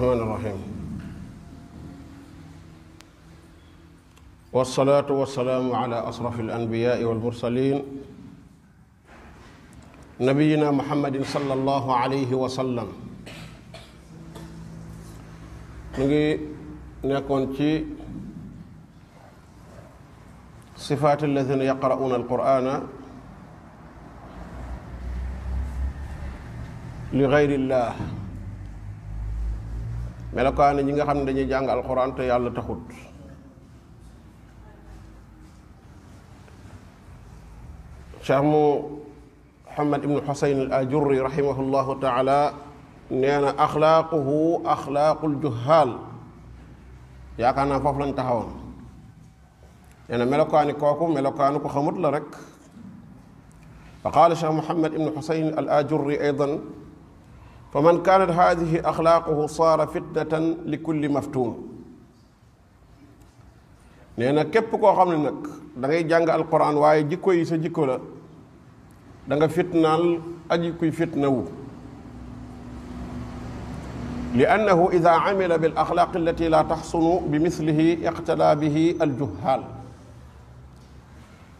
الرحمن الرحيم والصلاة والسلام على أشرف الأنبياء والمرسلين نبينا محمد صلى الله عليه وسلم نجي نكون في صفات الذين يقرؤون القرآن لغير الله melokaane ñi nga xamne dañuy jàng alxuraan te yàlla taxut cheikh mu Muhammad ibn husayn al ajurri rahimahullah taala neena akhlaquhu akhlaqul axlaaqul juhaal yaakaar naa lañ taxawon neena na koku kooku ko xamut la rek فقال qaala محمد بن حسين الآجري أيضاً فمن كانت هذه أخلاقه صار فتنة لكل مفتون نينا كيب كو خامل نك داغي جانغ القرآن واي جيكو يسا جيكو لا داغا فتنال أجيكو فتنو لأنه إذا عمل بالأخلاق التي لا تحصن بمثله اقتدى به الجهال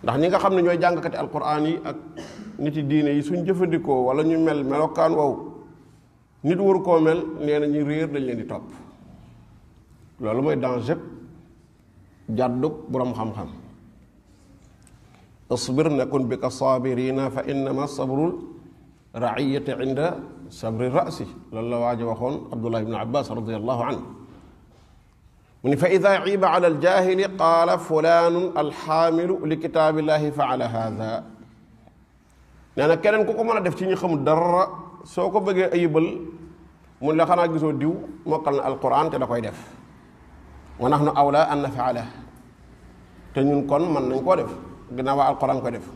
ndax ñi nga xam ne ñooy jàngkati alqouran ak niti diine yi suñ jëfandikoo wala ñu mel melokaan woowu nit waru koo mel nee na ñu réer dañ leen di topp loolu mooy danger jàddug borom xam-xam asbir nakun bi ka saabirina fa innama sabrul raiyati inda sabri rasi loolu la waaji waxoon abdullah ibn abbas radiallahu anhu mu ni fa ida ciiba ala aljahili qaala fulanun alxaamilu li kitaabillahi faala haada nee na keneen ku ko mën a def ci ñu xamul dara soko beugé ayibal mun la xana gisoo diw mokal na alquran te da koy def wa nahnu awla an nafaala te ñun kon man nañ ko def ginnaaw waa alquran koy def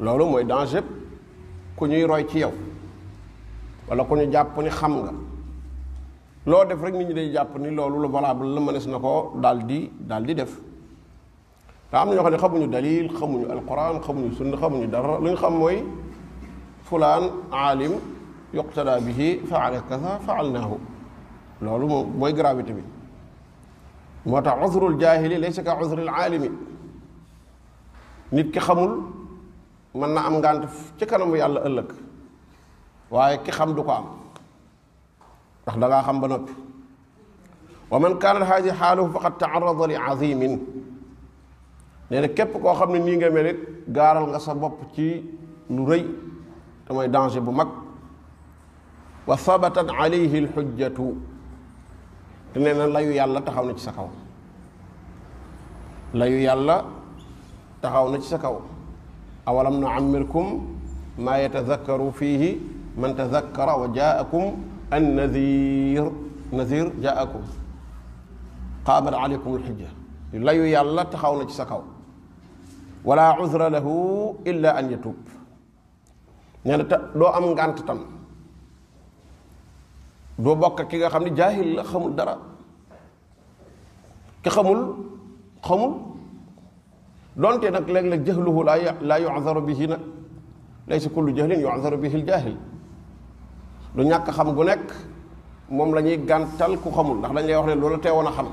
lolu moy danger ku ñuy roy ci yow wala ku ñu jàpp ni xam nga lo def rek nit ñi day jàpp ni lolu lu valable la mënees nako daldi daldi def da am na ñoo xam xamuñu dalil xamuñu alquran xamuñu sunna xamuñu dara lu ñu xam moy فلان عالم يقتدى به فعل كذا فعلناه لولو موي غرافيتي بي موتا عذر الجاهل ليس كعذر العالم نيت كي خمول من ام غانت تي كانم يالا الك واي كي خم دوكو ام داخ داغا خم بنوب ومن كان هذه حاله فقد تعرض لعظيم نينا كيب كو خامني ني غا ميل غارال غا سا بوب تي لو ري te mooy danger bu mag wa sabatat alayhi lxujjatu te nee na layu yàlla taxaw na ci sa kaw layu yàlla taxaw na ci sa kaw awalam nuammirkum maa yatadakkaru fiihi man tadakkara wa jaakum an nadir nadir jaakum qaamat alaykum lxujja layu yàlla taxaw na ci sa kaw wala uzra lahu illa an yatub nee na te doo am ngànt tam doo bokk ki nga xam ne jaahil la xamul dara ki xamul xamul donte nag léeg-léeg jahluhu laa laa yu'zaru bihi nag laysa kullu jahlin yu'zaru bihi al-jaahil lu ñàkk xam gu nekk moom la ñuy gàntal ku xamul ndax dañ lay wax ne loola teewoon a xam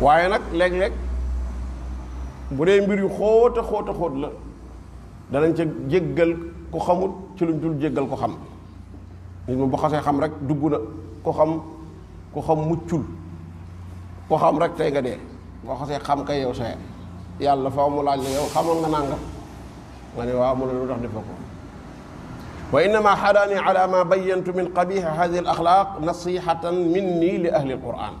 waaye nag léeg-léeg bu dee mbir yu xóota xóota xóot la danañ ca jéggal ku xamut ci luñ dul jéggal ko xam nit moom bu xasee xam rek dugg na ku xam ku xam muccul ku xam rek tey nga dee boo xasee xam kay yow saye yàlla faaw mu laaj la yow xamoon nga nangam nga ne waaw mu ne lu tax defa ko wa innama xadaani ala ma bayantu min qabiha hadihi al axlaaq nasihatan minni li ahli al quran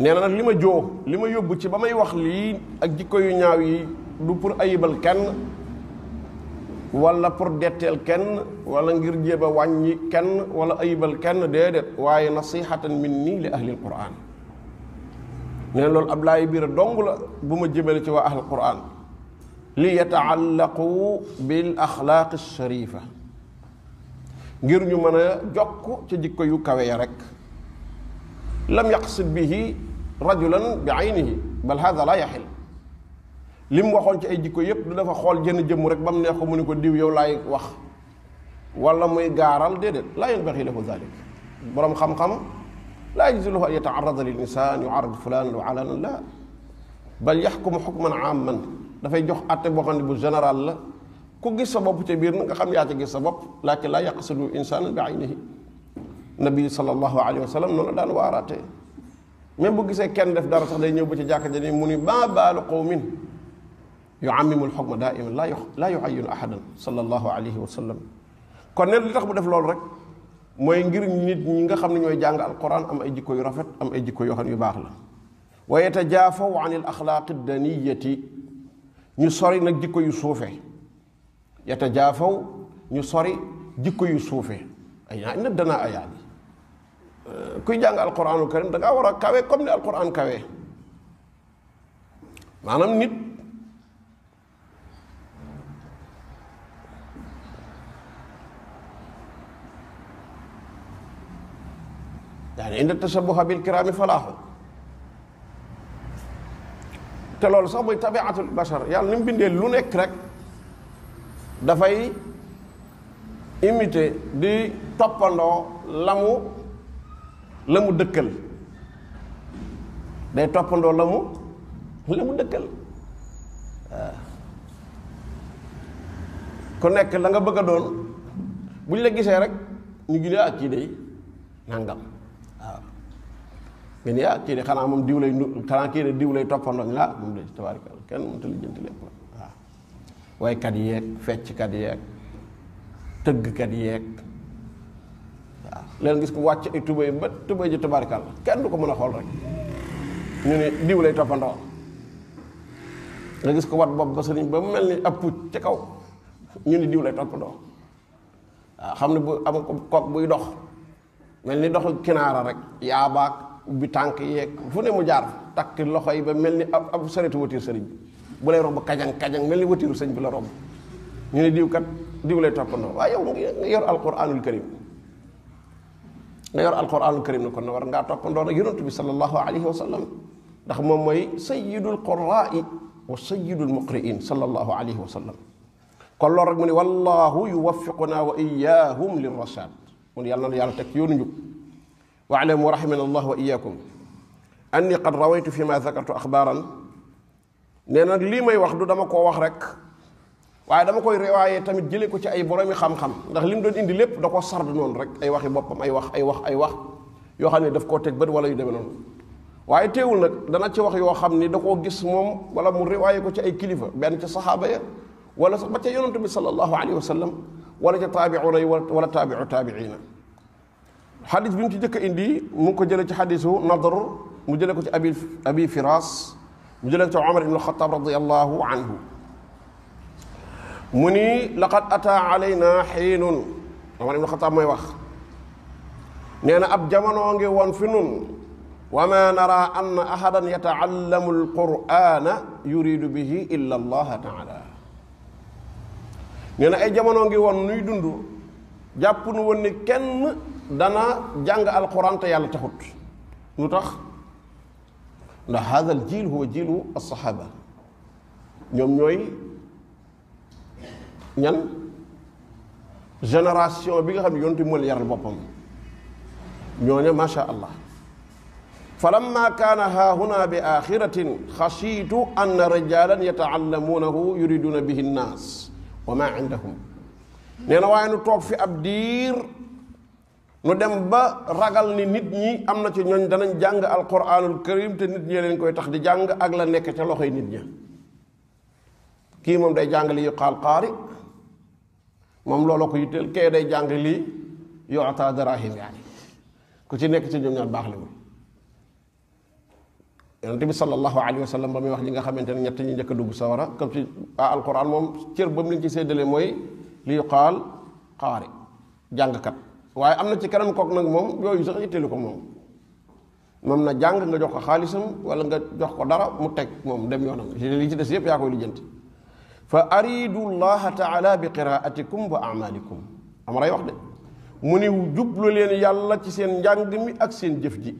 nee na nag li ma joo li ma yóbbu ci ba may wax lii ak jikko yu ñaaw yi du pour ayibal kenn wala pour detteel kenn wala ngir jéba a wàññi kenn wala ayibal kenn déedéet waaye nasihatan min nii li ahli alquran ne lol loolu bir dong la buma ma ci wa ahli alquran li yataallaqu bil axlaaq alsharifa ngir ñu mëna jokk ci jikko yu kawe ya rek lam yaqsid bihi rajulan bi'aynihi bal hadha la yaxil lim waxon ci ay jikko yépp du dafa xol jënn jëm rek bam mu neex mu ni ko diw yow lay wax wala muy garal dedet la laa bakhi lahu zalik borom xam-xam la yajuzu an yata'arrad lil insan yu'arrad fulan wa alanan la bal yahkum hukman amman da fay jox atte bo xamni bu général la ku gis sa bop ci bir nga xam ya ci gis sa bopp laakin la yaqsulu insan bi aynihi nabi sallallahu alayhi wa sallam noonu la daan waaraatee même bu gisé kenn def dara sax day ñëw bu ci jakk ja muni ba ni qawmin يعمم الحكم دائما لا يخ... لا يعين احدا صلى الله عليه وسلم كون لي تخ مو ديف لول رك موي غير نيت نيغا خا نيو جانغ القران ام اي جيكو رافت ام اي جيكو يوهان يو باخ لا ويتجافوا عن الاخلاق الدنيه ني سوري نك جيكو يو سوفي يتجافوا ني سوري جيكو يو سوفي اي ندنا ايات كوي جانغ القران الكريم دا ورا كاوي كوم ني القران كاوي مانام نيت daan inda tashabuha bil kiraami falaaxu te loolu sax muy tabiatul bashar yàlla ni mu lu nekk rek dafay imité di toppandoo la mu la mu dëkkal day toppandoo la mu la mu dëkkal waaw ku nekk la nga bëgg a doon bu ñu la gisee rek ñu gile ak ah, kii day nangam nga ni ah, kii de xanaa moom diw lay xanaa kii de diw lay toppandoo ñu ah moom de tabaarkalla kenn mënut lépp waykat yeeg fecckat yeeg tëggkat yeeg gis ko wàcc ay tubéy ba tubéy kenn du ko mën a xool rek ñu ne diw lay toppandoo nga gis ko wat bopp ba sëriñ ba mel ni ab pucc ci kaw ñu ne diw lay toppandoo waaw xam ne bu am kook buy dox mel ni doxu kinaara rek yaabaak ubbi tank yek fu ne mu jaar takk loxoy ba melni ab wotir bu lay romb kajang kajang melni wotiru watiiru sëñ bi la romb ñu ne diw kat diw lay no wa yow nga yor alquranul karim nga yor alquranul karim ko no war nga ngaa ndo nag yaronte bi sallallahu alayhi wa sallam ndax mom moy sayyidul qurra'i wa sayyidul muqriin sallallahu alayhi wa sallam kon rek mu wallahu yuwaffiquna wa iyyahum lirrasad mu ne yalla na yoonu واعلموا رحمنا الله واياكم اني قد رويت فيما ذكرت اخبارا نانا لي ماي واخ دو داما كو واخ رك واي داما كوي رواي تاميت جيلي كو تي اي بوروم خام خام داخ ليم دون اندي ليب داكو سارد نون رك اي واخي بوبام اي واخ اي واخ اي واخ يو خاني داف كو تك بد ولا يدم نون واي تيول نك دانا تي واخ يو خامني داكو غيس موم ولا مو رواي كو تي اي كليفا بن تي صحابه يا ولا صحبه يونس صلى الله عليه وسلم ولا تابعون ولا تابعوا تابعين xadis bi mu ci jëkk a indi mu ngi ko jëlee ci xadisu nadr mu jëlee ko ci abi abi firas mu jëlee ko ci omar ibnu xataab radiallahu anhu mu ni laqad ataa alayna xiinun omar ibnu xataab mooy wax nee na ab jamonoo ngi woon fi nun وما نرى أن أحدا يتعلم القرآن يريد به إلا الله تعالى نينا أي جمانو نغي وون نوي دوندو جابون وون كين دانا جانغ القران تا يالا تخوت لوتخ هذا الجيل هو جيل الصحابه يوم نوي ين جنراسيون بيغا خامي يونتي مول يار بوبام نيو ما شاء الله فلما كان ها هنا بآخرة خشيت أن رجالا يتعلمونه يريدون به الناس وما عندهم نينا واي نو أبدير mu dem ba ragal ni nit ñi am na ci ñooñ danañ jàng alquranul karim te nit ñi leen koy tax di jàng ak la nekk ca loxoy nit ña kii moom day jàng li yuqaal qaari moom looloo ko yitteel kee day jàng li yuata darahim yaani ku ci nekk ci ñoom ñaar baax li yonente bi sallallahu alayhi wa sallam ba muy wax li nga xamante ne ñett ñi njëkk dugg sawara comme ci moom cër ba mu leen ci mooy li yuqaal qaari jàngkat waaye am na ci kanam kook nag moom yooyu sax itteelu ko moom moom na jàng nga jox ko xaalisam wala nga jox ko dara mu teg moom dem yoonam li ci des yëpp yaa koy lijjanti fa aridu llaha taala bi qiraatikum wa amalikum am ray wax de mu ni jublu leen yàlla ci seen njàng mi ak seen jëf ji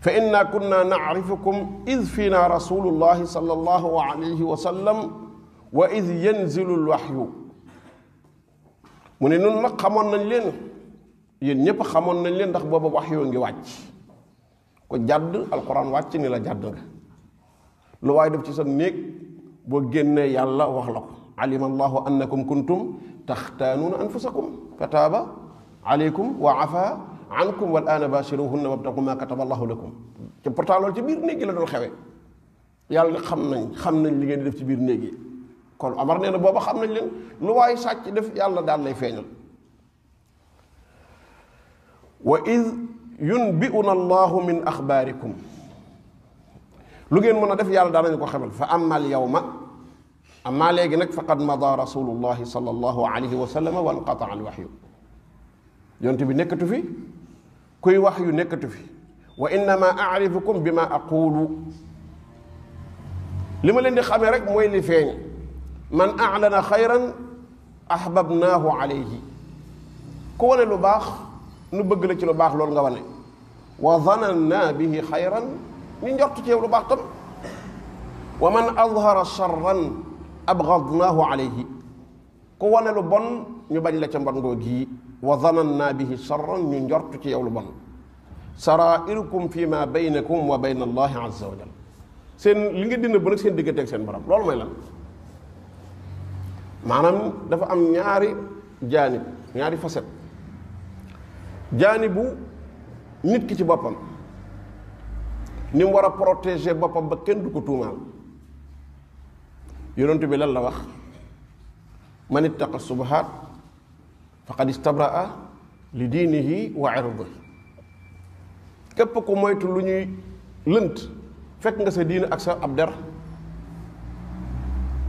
fa inna kunna naarifukum id fiina rasulullahi sal allahu alayhi wa sallam wa id yanzilu lwaxyu mu ne nun nag xamoon nañ leen yéen ñëpp xamoon nañ leen ndax booba wax yoo ngi wàcc ko jàdd alquran wàcc ni la jàdd nga lu waaye def ci sa néeg boo génnee yàlla wax la ko alima allahu annakum kuntum taxtaanuuna anfusakum fataaba alaykum wa afa ankum wal aana bashiruhunna wabtaqu ma kataba allahu lakum te pourtant loolu ci biir néeg yi la doon xewe yàlla ne xam nañ xam nañ li ngeen di def ci biir néeg yi kon amar nee na booba xam nañ leen lu waaye sàcc def yàlla daal lay feeñal وإذ ينبئنا الله من أخباركم لجين من دف يالا دانا نكو فاما اليوم اما لغي فقد مضى رسول الله صلى الله عليه وسلم وانقطع الوحي يونت بي نكتو في كي وحي نكتو في وانما اعرفكم بما اقول لما لين دي خامي رك موي لي فيني من اعلن خيرا احببناه عليه كو لو باخ nu bëgg la ci lu baax loolu nga wane wa zananna bihi xayran ñu njort ci yow lu baax tam wa man adhara charran abgadnaahu alayhi ku wane lu bon ñu bañ la ca mbon ngoo gii wa zananna bihi charran ñu njort ci yow lu bon sarairukum fi ma baynakum wa bayna allahi azza wa jal seen li nga dina ba nag seen diggante ak seen borom loolu mooy lan maanaam dafa am ñaari jaanib ñaari facette jani bu nit ki ci bopam ni mu wara protéger bopam ba kenn du ko tumal yaronte bi lan la wax man ittaqa subhat faqad istabraa li dinihi wa irdi kep ko moytu lu ñuy leunt fek nga sa diine ak sa abder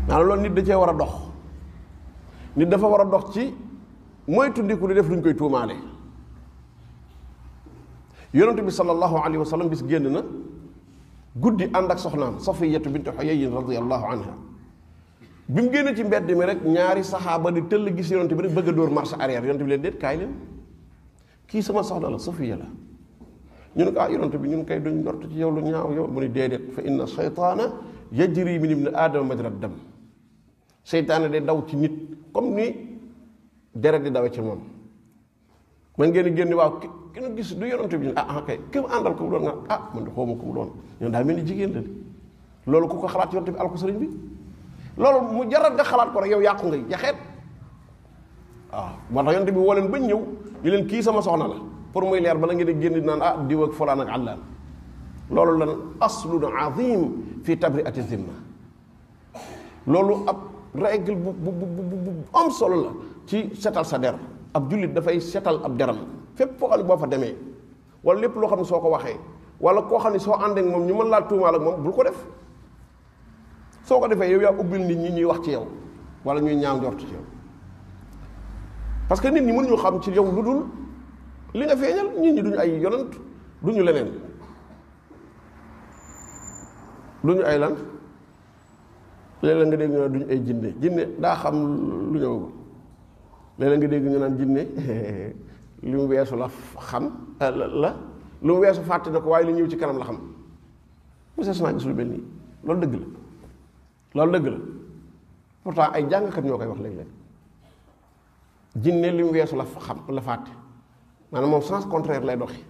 na maanaam nit da ci wara dox nit dafa war a dox ci moytu ndiku di def luñ koy tumalé yonent bi sallallahu alayhi wa sallam bis génn na guddi ànd ak soxnaam safiyatu bint xoyeyin radiallahu anha bi mu génn ci mbedd mi rek ñaari saxaaba di tëll gis yonent bi rek bëgg a dóor marche arrière yonent bi leen déet kaay leen kii sama soxna la safiya la ñu ne ko ah yonent bi ñun kay duñ njort ci yow lu ñaaw yow mu ni déedéet fa inna seytaana yajri min ibni aadama majra dam seytaane day daw ci nit comme ni deret di dawe ci moom man ngeen genn waaw ki nu gis du yonante bi ah kay ki andal ko doon nga ah man do xomako mu doon ñoo da melni ni la lolu ku ko xalaat yonante bi alko serign bi lolu mu jarat nga xalaat ko rek yow yaq nga jaxet ya, ah man tax yonante bi wolen leen bañ ñëw di len ki sama soxna la pour muy leer ba la ngeen genn naan ah diw ak folaan ak allah lolu lan aslun azim fi tabriati zimma lolu ab règle bu bu bu bu am solo la ci setal sa der ab julit dafay setal ab deram fep fo xal bo fa demee wala lepp lo xam ne ko wala ko xam ne soo àndee moom ñu mën la tumal ak moom bu ko def soo ko defee yow ya ubbil nit ñi ñuy wax ci yow wala ñuy ñaaw jort ci yow parce que nit ñi ñu xam ci yow luddul li nga feñal nit ñi duñu ay yonant duñu leneen duñu ay lan léeg nga dégg duñu ay jinné jinné da xam lu wul léeg-léeg nga dégg ñu naan jinne li mu weesu la xam euh, la lu mu weesu fàtte na ko waaye lu ñëw ci kanam la xam mosees naa gis lu mel nii loolu dëgg la loolu dëgg la pourtant ay jàngkat ñoo koy wax léeg-léeg jinne li mu weesu la xam la fàtte maanaam moom sens contraire lay doxi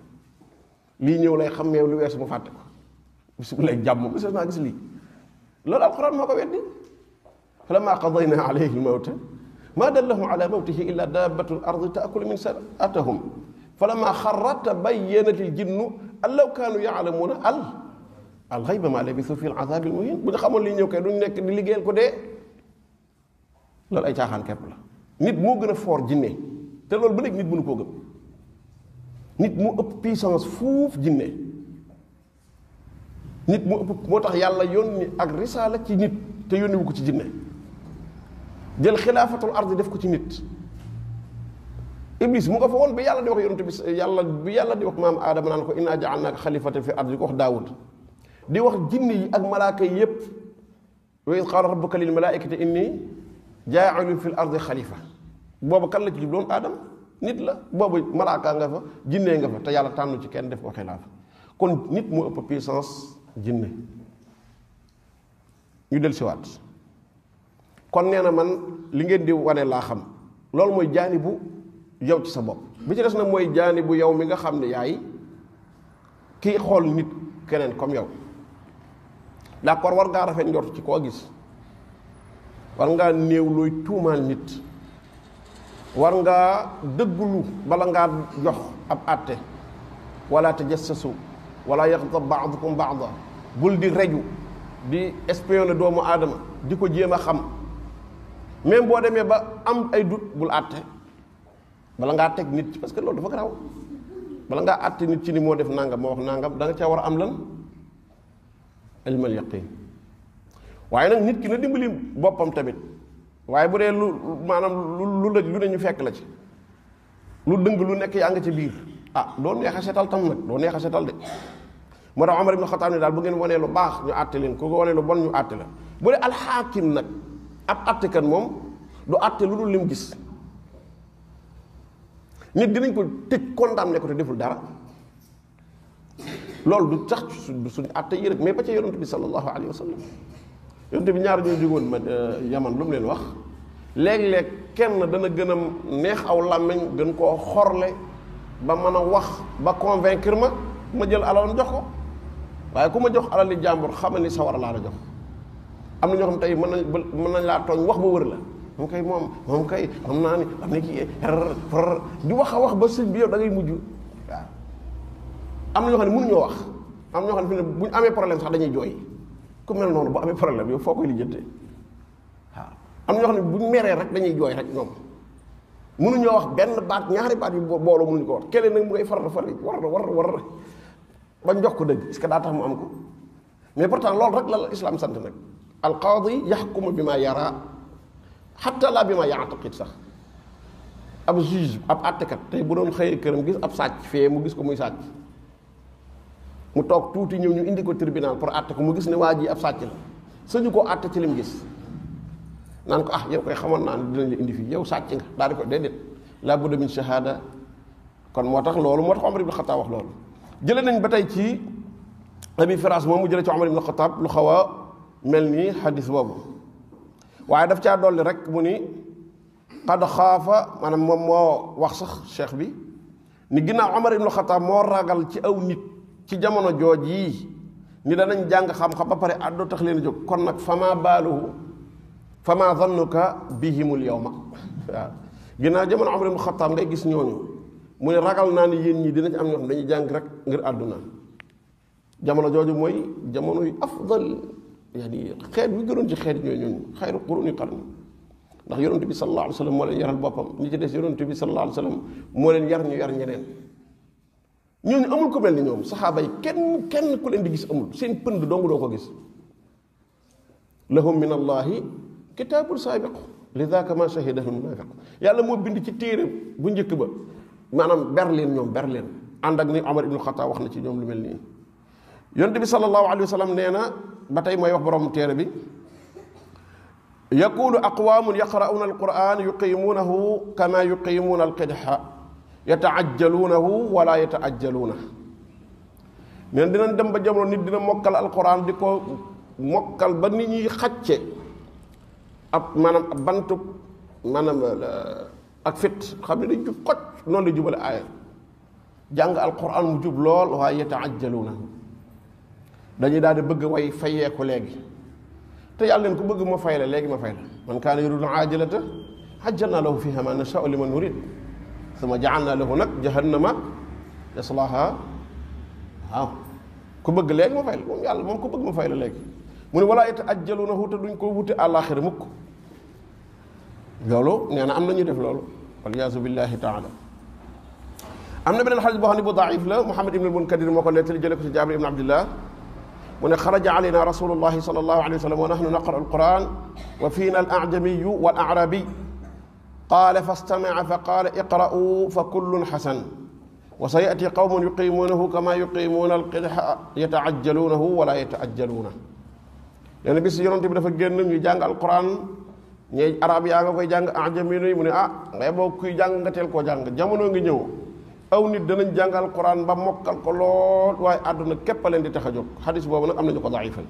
lii ñëw lay xam mais lu weesu mu fàtte ko bisimilah jàmm mosees naa gis lii loolu alxuraan moo ko weddi falammaa qadaynaa alayhi l-mawta ما دلهم على موته إلا دابة الأرض تأكل من سنأتهم فلما خرت بينت الجن أن لو كانوا يعلمون أل الغيب ما لبثوا في العذاب المهين بدي خمول لي نيوكي دون نيك دي لغيل كو دي لول أي تاخان كيب لا نيت مو غنى فور جنة تلول بنيك نيت بنو كوغم نيت مو أب بيسانس فوف جنة نيت مو أب موتخ يالا يوني أك رسالة تي نيت تي يوني وكو تي جنة jël xilaafatul ardi def ko ci nit iblis mu nga fa woon ba yàlla di wax yonent bi yàlla bi yàlla di wax maam aadama naan ko inna jaalnaaka xalifatan fi ardi ko wax daawud di wax jinne yi ak malaaka yi yépp wa id qaala rabbuka lil malaaikati inni jaailun fi l ardi xalifa booba kan la ci jubloon aadama nit la booba malaaka nga fa jinne nga fa te yàlla tànnu ci kenn def ko xilaafa kon nit moo ëpp puissance jinne ñu del siwaat kon nee na man li ngeen di wane laa xam loolu mooy jaani bu yow ci sa bopp bi ci des na mooy jaani bu yow mi nga xam ne yaay kii xool nit keneen comme yow d'accord war ngaa rafet njort ci koo gis war ngaa néew looy tuumaal nit war ngaa dëggulu bala ngaa jox ab àtte wala tajassasu wala yaxtab baax baada bul di reju di espionner doomu aadama di ko jéem a xam même boo demee ba am ay doute bul àtte bala ngaa teg nit parce que loolu dafa garaaw bala ngaa àtte nit ci ni moo def nangam moo wax nangam danga nga caa war am lan ilmal yaqin waaye nag nit ki na dimbali boppam tamit waaye bu dee lu maanaam lu lu lu ne ñu fekk la ci lu dëng lu nekk yaa nga ci biir ah doo neex a setal tam nag doo neex a setal de moo tax Omar ibn Xataab ne daal bu ngeen wanee lu baax ñu àtte leen ku ko wanee lu bon ñu àtte la bu dee alxaakim nag ab àttekat moom du àtte lu dul li mu gis nit dinañ ko tëj condamné am te deful dara loolu du tax suñ suñu àtte yi mais ba ca yonent bi sallallahu alayhi wa sallam yonent bi ma euh, yaman lu mu leen wax léeg-léeg kenn dana gën a neex aw làmmiñ gën koo xorle ba mën a wax ba convaincre ma ma jël aloon jox ko waaye ku ma jox alali jàmbur xamal ni sawar laa la jox am na ñoo xam tey mën nañ mën nañ laa tooñ wax ba wër la moom kay moom moom kay xam naa am na kii di wax a wax ba sëñ bi yow mujj waaw am na ñoo xam ne mënuñoo wax am na ñoo xam ne amee problème sax dañuy jooy ku mel noonu bu amee problème yow foo koy am na ñoo ne bu ñu meree rek dañuy jooy rek ñoom mënuñoo wax benn baat ñaari baat yu booloo mënuñu ko wax keneen nag mu ngay faral faral war war war bañ jox ko dëgg est-ce que daa tax mu am ko mais pourtant loolu rek la la islam sant nag. alqaadi yaxkumu bi ma yara xatta laa bi ma yaatiqid sax ab juge ab àttekat tey bu doon xëyee këram gis ab sàcc fee mu gis ko muy sàcc mu toog tuuti ñëw ñu indi ko tribunal pour àtte ko mu gis ne waa ji ab sàcc la sañu koo àtte ci lim gis naan ko ah yow koy xamoon naa ne dinañ indi fii yow sàcc nga daal di ko déedéet laa budda min shahada kon moo tax loolu moo tax Omar ibn Xataab wax loolu jële nañ ba tey ci abi firaas moom mu jële ci Omar ibn Xataab xaw mel nii xadis boobu waaye def caa dolli rek mu ni qad xaafa maanaam moom moo wax sax cheikh bi ni ginnaaw Omar ibnu Xataab moo ragal ci aw nit ci jamono jooj yii ni danañ jàng xam ba pare àddoo tax leen jóg kon nag fama baaluhu fama zannuka bihimul yawma waaw ginnaaw jamono Omar ibnu Xataab ngay gis ñooñu mu ne ragal naa ni yéen ñi dinañ am ñoo xam dañuy jàng rek ngir àdduna jamono jooju mooy jamono yu afdal يعني خير وي جرونتي خير نيون خير قرون قرن دا يرونتي بي صلى الله عليه وسلم مولا يارال بوبام نيتي ديس يرونتي بي صلى الله عليه وسلم مولا يار ني يار نينن نيون امول كو ملني نيوم صحابه كين كين كو لين دي غيس امول سين بند دونغ دوكو غيس لهم من الله كتاب سابق لذا كما شهده المنافق يالا مو بيند سي تير بو نيك با مانام برلين نيوم برلين اندك ني عمر ابن الخطاب واخنا سي نيوم لو ملني yonent bi sallallahu alaihi wasallam neena batay moy wax borom téré bi yakulu aqwamun yaqra'una alquran yuqimunahu kama yuqimuna alqidha yata'ajjalunahu wa la yata'ajjaluna neen dinañ dem ba jamono nit dina mokal alquran diko mokal ba nit ñi xatché ab manam bantu manam euh, ak fit xamni dañ ci xoc non la jubal ay jang alquran mu jub lol wa yata'ajjaluna dañuy daal di bëgg way fayee ko léegi te yàlla leen ku bëgg ma fay la léegi ma fay la man kaana yuridu aajilata ajjalnaa lahu fiihaa na la liman nuriid summa ja'alnaa lahu nag jahannama yaslaahaa waaw ku bëgg léegi ma fay la moom yàlla moom bëgg ma fay la léegi mu ne walaa yata'ajjaluunahu te duñ ko wute àllaaxira mukk loolu nee na am na ñu def loolu waliyaasu billaahi taala am na beneen xadis boo xam ne bu daif la Muhammad ibn al-Munkadir moo ko nettali jële ko ci Jaabir ibn Abdillah من خرج علينا رسول الله صلى الله عليه وسلم ونحن نقرأ القرآن وفينا الأعجمي والأعرابي قال فاستمع فقال اقرأوا فكل حسن وسيأتي قوم يقيمونه كما يقيمون القدح يتعجلونه ولا يتعجلونه يعني بس يرون تبدأ dafa genn ñu jang alquran ñi arab ya nga koy jang ajami mu ne ah ngay bo kuy jang nga tel aw nit danañ jàngal quran ba mokkal ko lool waaye àdduna képp a leen di tax a jóg xadis boobu nag am nañu ko daifal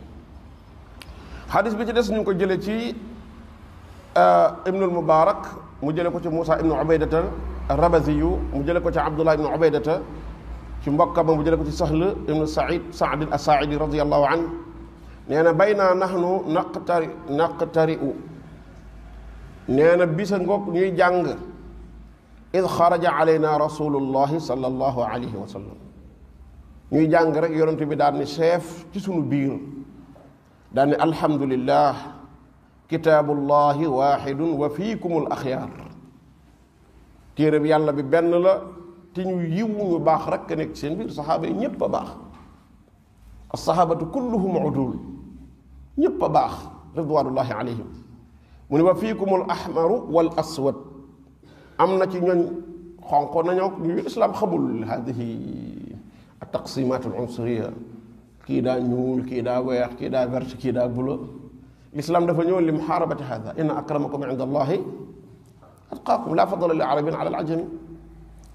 xadis bi ci des ñu ko jële ci euh, ibnul mubarak mu jële ko ci moussa ibnu ubaydata rabazi yu mu jële ko ci abdullah ibnu ubaydata ci mbokka ba mu jële ko ci sahl ibnu said saad asaidi radiallahu an nee na bay naa nax nu naqtari naqtari u nee na bisa ngoog ñuy jàng id xaraja alayna rasulullahi sallallahu alayhi wa sallam ñuy jàng rek yonent bi daal ni seef ci sunu biir daal ni alhamdulillah kitaabullahi waxidun wa fiikumul axyaar téere bi yàlla bi benn la te ñu yiw ñu baax rek ka nekk seen biir saxaaba yi ñépp a baax alsaxaabatu kulluhum udul ñépp a baax ridwanullahi alayhim mu ne wa fiikumul ahmaru wal aswad am na ci ñooñ xonq nañoo yu islam xamul hadihi التقسيمات العنصريه كي دا نيول كي دا ويخ كي دا فيرت كي دا بلو الاسلام دا نيول لمحاربه هذا ان اكرمكم عند الله اتقاكم لا فضل للعرب على العجم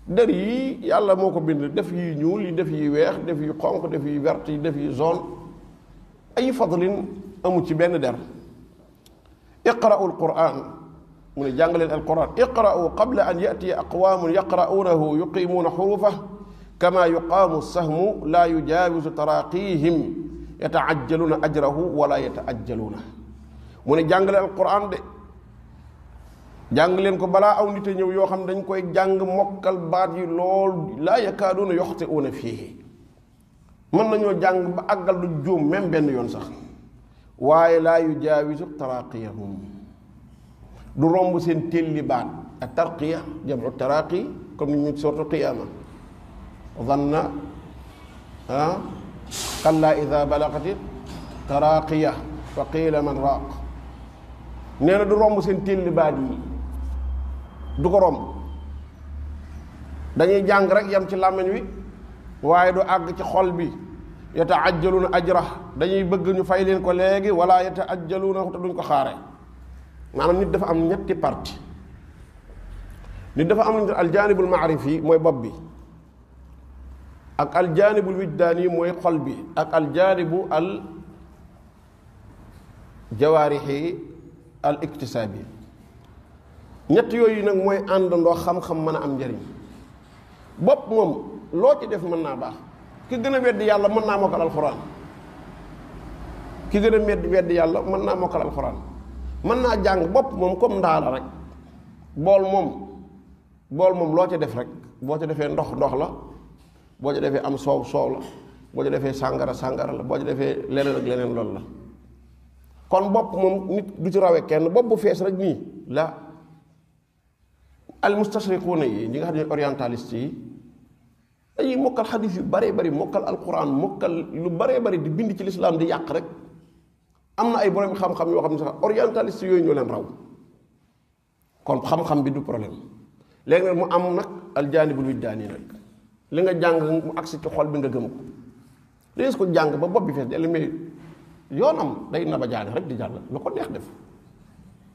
der yi yàlla moo ko bind def yi ñuul yi def yi weex def yi xonq def yi vert yi def yi zone ay fadlin amu ci benn der iqra'u alquran من جانغل القرآن اقرأوا قبل أن يأتي أقوام يقرؤونه يقيمون حروفه كما يقام السهم لا يجاوز تراقيهم يتعجلون أجره ولا يتعجلونه من جانغل القرآن دي جانغلين كبلا أو نتنيو يوخم دن كوي جانغ مكال باري لول لا يكادون يخطئون فيه من نيو جانغ بأقل دجوم من بين يونسخ واي لا يجاوز تراقيهم du romb seen telli baat tarqiya jamu taraqi comme ni ñu sortu qiyama dhanna ah qalla idha balaghat taraqiya fa qila man raq neena du romb seen telli yi du ko romb dañuy jang rek yam ci lamagne wi waye du ag ci xol bi yataajjaluna ajra dañuy bëgg ñu fay leen ko legi wala yataajjaluna te duñ ko maanaam nit dafa am ñetti parti nit dafa am aljaanibul maarifi mooy bopp bi ak aljaanibul wijdaani yi mooy xol bi ak aljaanibu al jawaarixi al iktisaabi ñetti yooyu nag mooy àndandoo xam-xam mën a am njariñ bopp moom loo ci def mën naa baax ki gën a wedd yàlla mën naa mokkal alxuraan ki gën a wedd yàlla mën naa mokkal alxuraan mën naa jàng bopp moom comme ndaala rek bool moom bool moom loo ca def rek boo ca defee ndox ndox la boo ca defee am soow soow la boo ca defee sàngara sàngara la boo ca defee leneen ak leneen loolu la kon bopp moom nit du ci rawee kenn bopp bu fees rek nii la al mustashriquuna yi ñi nga xam ne orientaliste yi dañuy mokkal xadis yu baree bari mokkal alquran mokkal lu baree bari di bind ci lislaam di yàq rek am na ay borom xam-xam yoo xam ne sax orientaliste yooyu ñoo leen raw kon xam-xam bi du problème léegi nag mu am nag aljaanibul widdaani nag li nga jàng mu agsi ci xol bi nga gëm ko li ko ba bopp bi fees dell mais yoonam day naba jàng rek di jàll lu ko neex def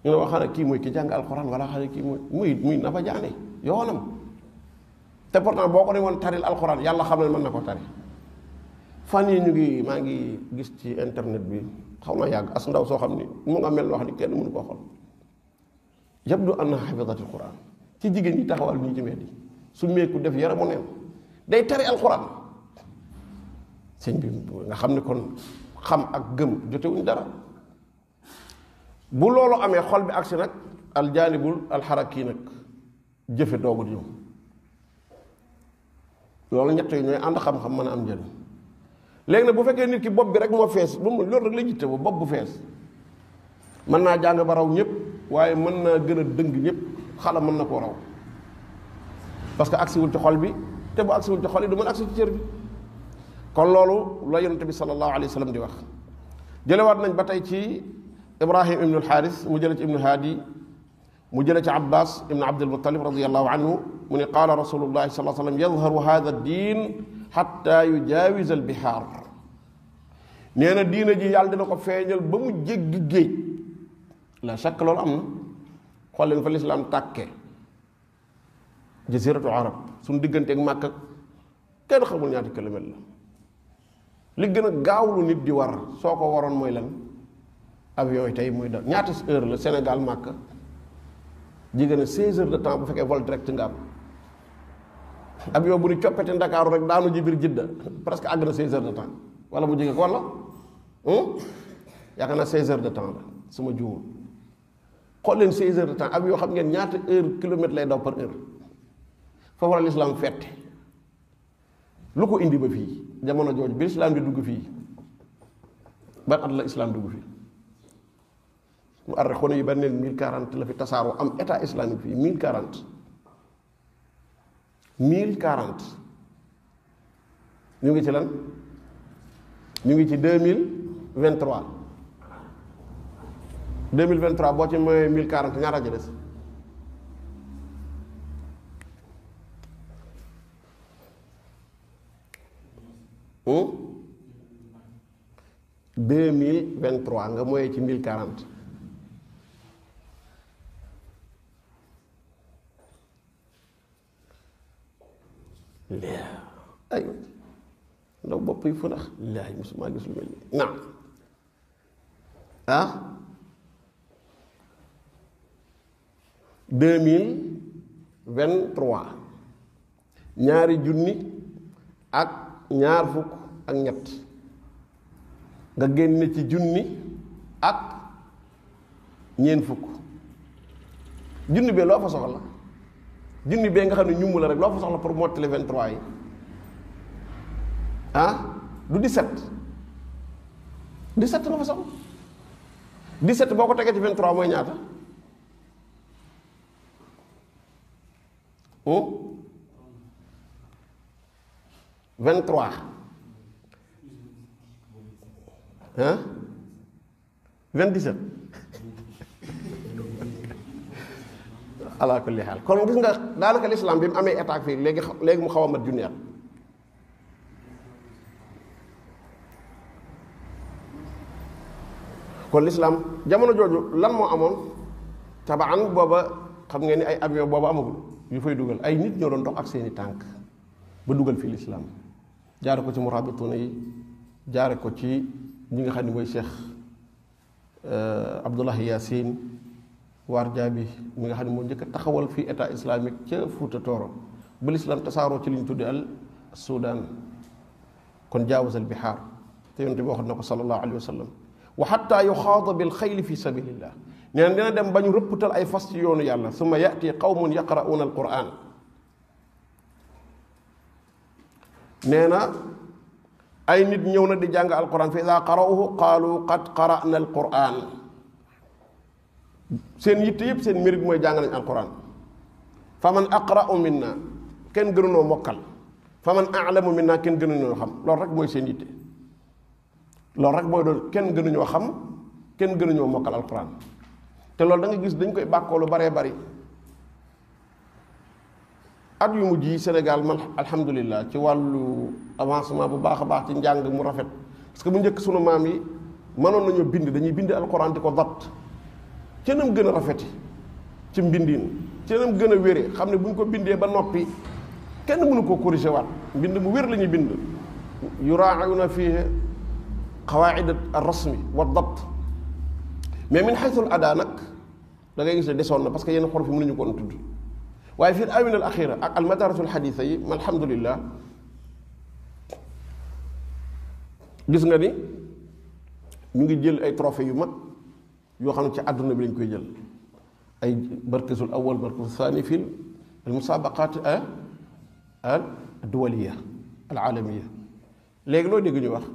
ñu ne kii mooy ki jàng alxuraan wala xanaa kii mooy muy muy naba jaane yoonam te boo ko ne alxuraan yàlla xam ne ko tari fan yi maa ngi gis ci internet bi xawma na yàgg as ndaw soo xam ni mu nga mel wax ni kenn mënu ko xol yabdu anna xafidatil quran ci jigéen ñi taxawal ñu ci di su meeku def yaramu neen day tari alquran sëñ bi nga xam ne kon xam ak gëm jotewuñ dara bu loolu amee xol bi agsi nag aljaanibul alxaraki nag jëfe doogu di ñëw loolu ñett yi ñooy ànd xam-xam mën a am njëriñ léegi nag bu fekkee nit ki bopp bi rek moo fees bu mu loolu rek la jitte bu bopp bu fees mën naa jàng ba raw ñëpp waaye mën naa gën a dëng ñëpp xala mën na koo raw parce que agsiwul ci xol bi te bu agsiwul ci xol yi du mën agsi ci cër bi kon loolu la yonente bi salallahu alayhi wa sallam di wax jëlewaat nañ ba tey ci ibrahim ibnu alxaaris mu jële ci ibnu haadi mu jële ci abbas ibnu abdulmutalib radiallahu anhu mu ne qaala rasulullahi salaa sallam yadharu hada ad-din hatta yujawiz al bihar neena diina ji yalla dina ko feñal ba mu jegg geej la shak lolu am xol fa l'islam takke jaziratu arab sun digeunte ak makka kenn xamul ñaati kilomètre la li gëna gaawlu nit di war soko waron moy lan avion yi tay moy ñaati heure le senegal makka ji 16 heures de temps bu fekke vol direct nga abi bu ni coppete ndakaaru rek daanu ji bir jidda presque agra 16h de temps wala bu jige ko wala hmm yakana 16h de temps la suma juumul xool leen seize heures de temps abi yo xam ngeen ñaata heure kilomètre lay daw par heure fa wala l'islam fete lu ko indi ba fi jamono jooju bi l'islam di dugg fi ba at la islam dugg fi mu arre xone yi ba neen la fi tasaaroo am état islamique fi 1040 mille quarante ñu ngi ci lan ñu ngi ci deux mille vingt trois deux mille vingt trois boo ci mooy mille quarante ñaata ci des hmm? deux mille vingt trois nga mooyee ci mille quarante leer ay ndaw bopp yi funax laay musuma gis lu mel ni naam ah 2023 ñaari junni ak ñaar fuk ak ñett nga génne ci junni ak ñeen fuk. junni be loo fa soxla junni bee nga xam ne ñumb la rek loo fa soxla pour mottali 23 yi ah du 17 17 nga fa soxla 17 boo ko tegee ci 23 mooy ñaata oh 23 ah 27. ala kulli xaal kon gis nga daanaka lislaam bi mu amee état fii léegi léegi mu xaw a mat junni kon lislaam jamono jooju lan moo amoon tabaan booba xam ngeen ni ay avion booba amagul yu fay dugal ay nit ñoo doon dox ak seeni tànk ba dugal fii lislaam jaare ko ci murabituna yi jaare ko ci ñu nga xam ne mooy cheikh euh, abdullahi yasin waar jaabi mi nga xam ne moo njëkk taxawal fii état islamique ca fuuta tooro ba l'islam tasaaroo ci liñ tudde al sudan kon jaawaz al bihaar te yonte bi waxoon na ko salallahu wa sallam wa bil xayli fi sabilillah nee na dina dem ba ñu ay fas ci yoonu yàlla suma yati qawmun yaqra'uuna al quran nee na ay nit ñëw na di alquran qara'uhu qad qara'na al quran seen yitte yëpp seen mérite moy jàng nañ alquran fa man aqra'u minna ken gënunoo mokkal fa man a'lamu minna ken gënuñoo xam lorak rek moy seen yitte lool rek mooy ken kenn gënuñoo xam kenn gënuñoo mokal alquran te lool da nga gis dañ koy bàkkoo lu baree bari at yu mujj Sénégal man alhamdulilah ci wàllu avancement bu baax a baax ci njàng mu rafet parce que bu njëkk sunu maam yi mënoon nañu bind dañuy bind alquran ko ca nam gën a rafeti ci mbindiin ca nam gën a wére xam ne bu ñu ko bindee ba noppi kenn mënu koo corrigé waat mbind mu wér lañuy bind bind yuraauna fiihi qawaid ar rasmi wa dabt mais min xaytul ada nag da ngay gis ne desoon na parce que yenn xorof yi mënuñu ko woon tudd waaye fii awin al axira ak al madaratul xadisa yi ma alhamdulillah gis nga ni ñu ngi jël ay trophée yu mag yoo xam ne ci àdduna bi lañ koy jël ay markazul awal markazul thani fi almusabaqat al duwaliya al alamiya léegi loo dégg ñu wax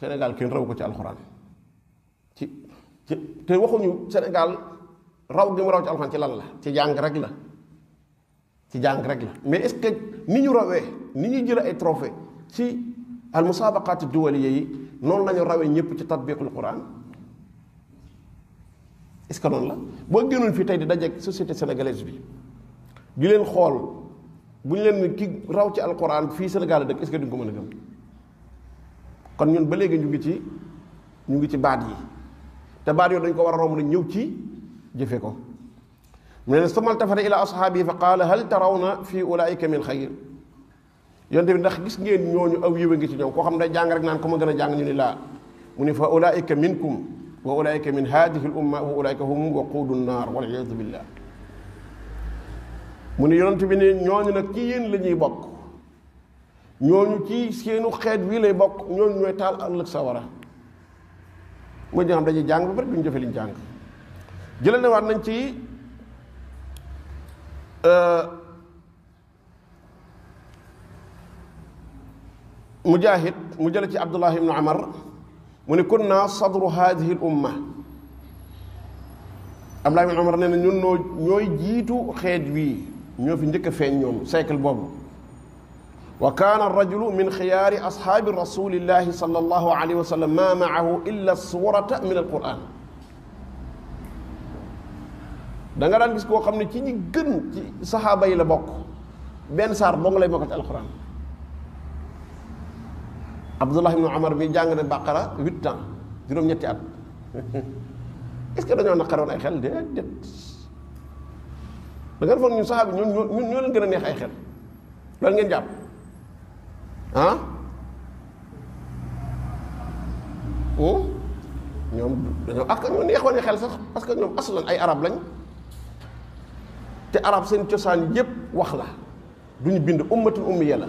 Sénégal kenn raw ko ci alxuraan ci ci te waxuñu Sénégal raw gi mu raw ci alxuraan ci lan la ci jàng rek la ci jàng rek la mais est-ce que ni ñu rawee ni ñuy jël ay trophée ci almusabaqat duwaliya yi noonu la ñu rawee ñëpp ci tatbiqul quran est-ce que noonu la boo génnoon fii tey di dajeeg société sénégalaise bi di leen xool bu ñu leen ki raw ci alquran fii Sénégal dëkk est-ce que duñ ko mën a gëm kon ñun ba léegi ñu ngi ci ñu ngi ci baat yi te baat yooyu dañ ko war a romb nañ ñëw ci jëfe ko mu ne summa altafata ila ashaabi fa qaala hal na fi ulaika min xayr yonte bi ndax gis ngeen ñooñu aw yiw ngi ci ñoom koo xam ne day jàng rek naan ko ma gën a jàng ñu ni laa mu ni fa ulaika minkum واولئك من هذه الامه واولئك هم وقود النار والعياذ بالله من يونت بن نيون نك كي لا ني بوك نيون تي سينو خيت وي لاي بوك نيون نوي تال الله سورا مو جام داني جانغ بر دون جوفي لين جانغ جيلنا وات نانتي ا مجاهد مجلتي عبد الله بن عمر من كنا صدر هذه الأمة أم لا من عمر نحن نحن جيتو خيد بي نحن في نجك فين نحن سيكل بابو وكان الرجل من خيار أصحاب رسول الله صلى الله عليه وسلم ما معه إلا صورة من القرآن da nga daan gis koo xam ne ci ñi gën ci القران Abdullah ibnu Omar bi jàng na bàqara huit ans juróom-ñetti at est dañoo naqaroon ay xel déedéet da nga defoon ñun saxaabi ñun ñun ñoo leen gën a neex ay xel loolu ngeen ah? hmm? ñoom dañoo ak ñoo neexoon i xel sax parce que ñoom aslan ay arab lañ te arab seen cosaan yépp wax la duñu bind ummatul ummiya la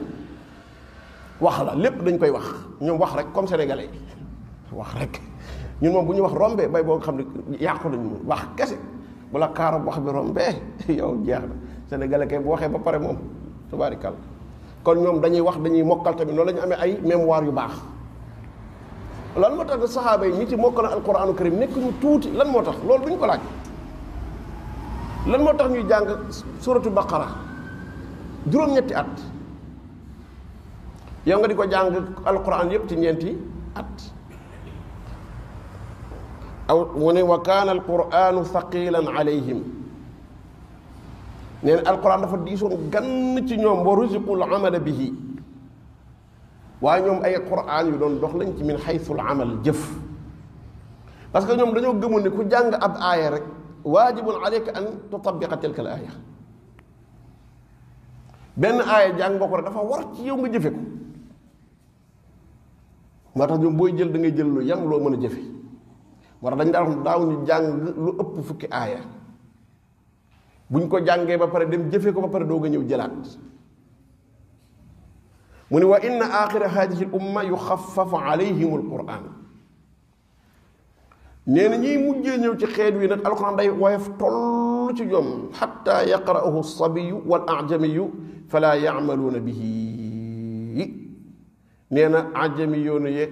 wax la lépp dañ koy wax ñoom wax rek comme sénégalais yi wax rek ñun moom bu ñu wax rombee bay boo xam ne yàqu lañu wax kese bu la kaarab wax bi rombee yow jeex na sénégalais kay bu waxee ba pare moom kal kon ñoom dañuy wax dañuy mokkal tamit noonu la ñu amee ay mémoire yu baax lan moo tax saxaaba yi ñi ci mokkal alquraanu karim nekk ñu tuuti lan moo tax loolu duñ ko laaj lan moo tax ñuy jàng suratu baqara juróom-ñetti at yow nga di ko jàng alquran yépp ci ñeenti at aw mu ne wa kaana alquranu thaqilan alayhim nee na alquran dafa diisoon gann ci ñoom wa ruziqul amala bihi waaye ñoom ay quran yu doon dox lañ ci min xaysul amal jëf parce que ñoom dañoo gëmoon ne ku jàng ab aaya rek waajibun alayka an tutabiqa tilka al aaya benn aaya jàng nga ko rek dafa war ci yow nga jëfe ko moo tax ñoom booy jël da ngay jël lu yam lo mëna jëfe war dañ daal daaw ñu jàng lu ëpp fukki aya buñ ko jàngee ba pare dem jëfé ko ba pare doog nga ñëw jëlaat mu ne wa inna akhir hadhihi al umma yukhaffafu alayhim al qur'an neena ñi mujjé ñëw ci xeet wi nak al qur'an day wayef toll ci ñom hatta yaqra'uhu as-sabiyyu wal ajamiyu fala ya'maluna bihi nee na ajami yoonu yeeg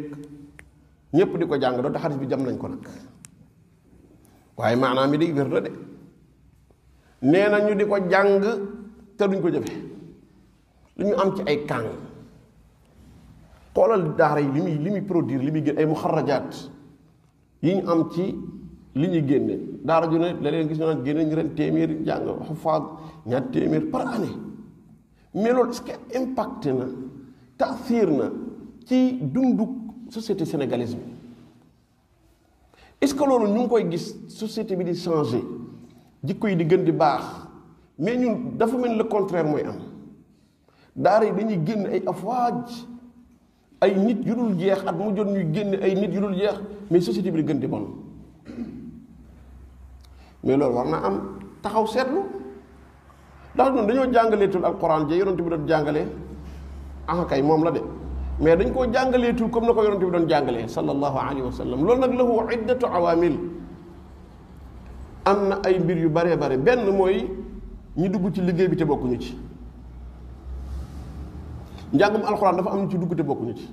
ñépp di ko jàng doonte xadis bi jam nañ ko nag waaye maanaam mi day wér de nee ñu di ko jàng te duñ ko jëfe li ñu am ci ay kàng xoolal daara yi li muy li muy produire li muy génn ay muxarrajaat yi ñu am ci li ñuy génne daara ju ne la leen gis ñu naan génne ñu ren téeméer jàng xufaat ñaar téeméer par année mais loolu est na taasiir na ci dundu société sénégalaise bi est-ce que loolu ñu ngi koy gis société bi di changer jikko yi di gën di baax mais ñun dafa mel le contraire mooy am daara yi dañuy génn ay afwaaj ay nit yu dul jeex at mu jot ñuy génn ay nit yu dul jeex mais société bi di gën di bon mais loolu war na am taxaw seetlu ndax ñun dañoo jàngaleetul alquran je yonent bi doon jàngale ah kay moom la de. mais dañ koo jàngaleetul comme na ko yonent bi doon jàngalee sallallahu alayhi wa sallam loolu nag lahu iddatu awamil am na ay mbir yu baree bare benn mooy ñi dugg ci liggéey bi te bokkuñu ci njàngum alxuraan dafa am ñu ci dugg te bokkuñu ci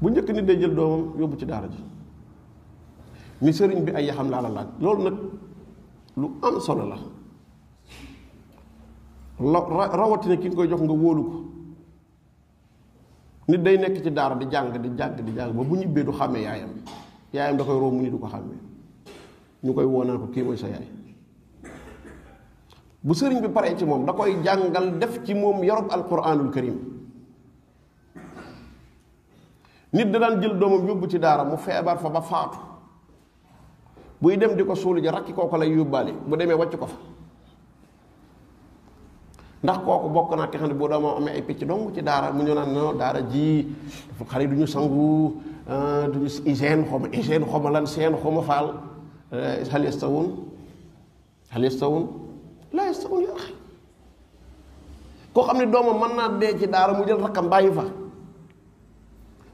bu njëkk nit day jël doomam yóbbu ci daara ji ni bi ay yaxam laa loolu nag lu am solo la rawatina ki nga koy jox nga wóolu ko nit day nekk ci daara di jàng di jàng di jàng ba bu ñibbee du xàmmee yaayam yaayam da koy romb nit du ko xàmmee ñu koy woonaan ko kii mooy sa yaay bu sëriñ bi paree ci moom da koy jàngal def ci moom yarub alquranul karim nit da daan jël doomam yóbbu ci daara mu feebar fa ba faatu buy dem di ko suuli ja rakki kooku lay yóbbaale bu demee wàcc ko fa ndax kooku bokk naa ki xam ne boo doomoo amee ay picc dong ci mu ñëw naan daara ji xale ñu sangu euh, du ñu hygiène xaw ma hygiène xaw ma koo xam ne doomam mën naa dee ci mu jël rakkam bàyyi fa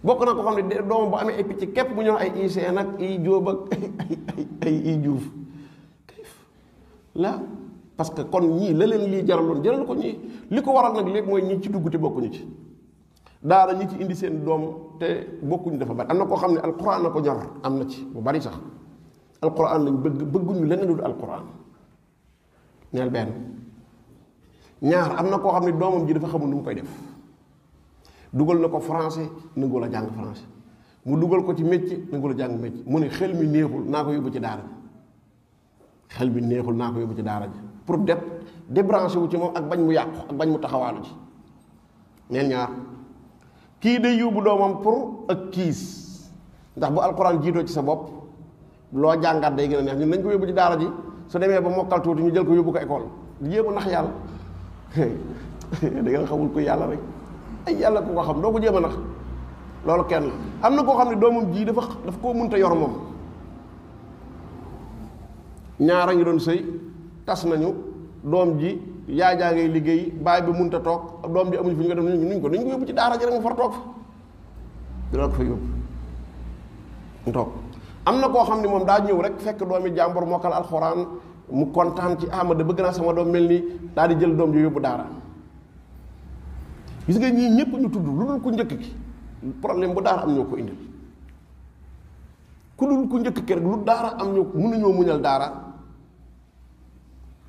bokk na ko xam ne doomam bu amee ay picc képp bu ñëw ay hygiène ak ay jóob ay ay ay juuf kayif la parce que kon ñii la leen lii jaraloon jaral ko ñii li ko waral nag léegi mooy ñi ci dugg te bokkuñu ci daara ñi ci indi seen doom te bokkuñu dafa bari am na koo xam ne alquran na ko jar am na ci bu bari sax alquran lañ bëgg bëgguñu leneen lu dul alquran neel benn ñaar am na koo xam ne doomam ji dafa xamul nu mu koy def dugal na ko français nanguwul la jàng français mu dugal ko ci métier nanguwul a jàng métier mu ne xel mi neexul naa ko yóbbu ci daara ji xel mi neexul naa ko yóbbu ci daara ji pour def débranché wu ci mom ak bañ mu yak ak bañ mu taxawalu ci ñen ñaar ki day yóbbu domam pour ak kiss ndax bu alquran jiitoo ci sa bop lo jangat day gëna neex ñun nañ ko yóbbu ci daara ji su démé ba mokal tuti ñu jël ko yóbbu ko école di jéem nax yalla da nga xamul ko yalla rek ay yalla ku ko xam do ko jéem nax lolu kenn amna ko xamni koo ji ne doomam jii dafa dafa koo munta yor mom ñaara ngi doon sey tas nañu doom ji yaay jaa ngay liggéey baay bi mënut a toog doom ji amuñu fi ñu ko def nuñ ko nuñ ko yóbbu ci daara ji rek mu far toog fa dina ko fa yóbbu mu am na koo xam ne moom daa ñëw rek fekk doomi jàmbur mokkal alxuraan mu kontaan ci ah ba de bëgg naa sama doom mel nii daal di jël doom ji yóbbu daara gis nga ñii ñëpp ñu tudd lu dul ku njëkk ki problème bu daara am ñoo ko indil ku dul ku njëkk ki rek lu daara am ñoo mënuñoo muñal daara.